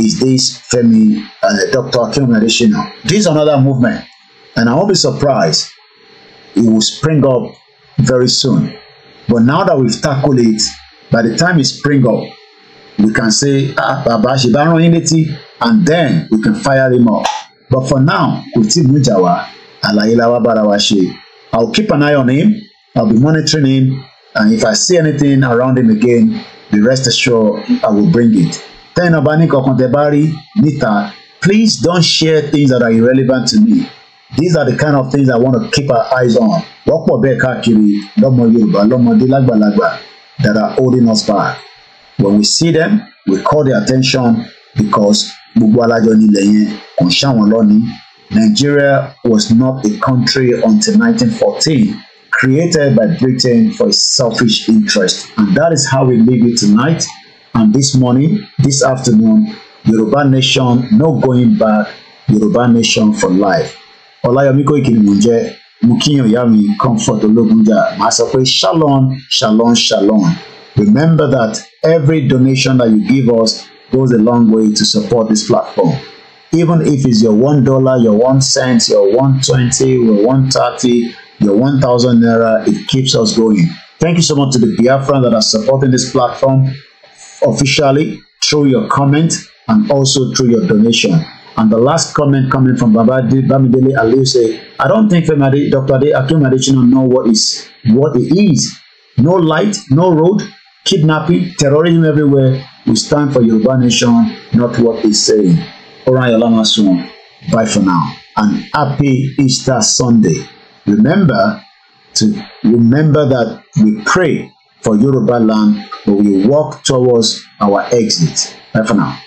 is this Femi uh, Dr. Akim Adesina. This is another movement, and I won't be surprised it will spring up very soon. But now that we've tackled it, by the time it spring up, we can say, ah, Baba Unity, and then we can fire him up. But for now, Kuti Mujawa, Alaylawa Barawashi. I'll keep an eye on him, I'll be monitoring him, and if I see anything around him again, be rest assured I will bring it tẹ́yìn náà bá ní kankan tẹ́ bá rí níta please don't share things that are irrelevant to me these are the kind of things I want to keep our eyes on wọ́pọ̀ bẹ́ẹ̀ káàkiri lọ́mọ Yorùbá lọ́mọdé lágbàlagbà that are holding us back when we see them we call their attention because gbogbo alájọ nílẹ̀ yẹn kò ń ṣàwọn lónìí Nigeria was not a country until 1914, created by Britain for its selfish interest. And that is how we live it tonight. And this morning, this afternoon, Yoruba Nation, no going back, Yoruba Nation for life. Ọláyọmí Koiki ni mò ń jẹ́, mo kíyàn ìyá mi comfort ológunjà, Masakwe shalom, shalom, shalom. Remember that every donation that you give us goes a long way to support this platform. Even if it's your one dollar, your one cent, your one twenty, your one thirty, your one thousand naira, it keeps us going. Thank you so much to the Biafran that are supporting this platform officially through your comment and also through your donation. And the last comment coming from Baba Bamidele Aliu say, I don't think Femade, Dr. De Akim Adechino know what is what it is. No light, no road, kidnapping, terrorism everywhere. We stand for Yoruba nation, not what they saying. Alright, Olamasun. Bye for now. And happy Easter Sunday. Remember to remember that we pray for Yoruba land, but we walk towards our exit. Bye for now.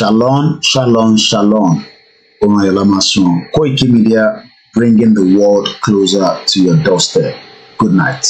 Shalom, shalom, shalom. Koiki Media, bringing the world closer to your doorstep. Good night.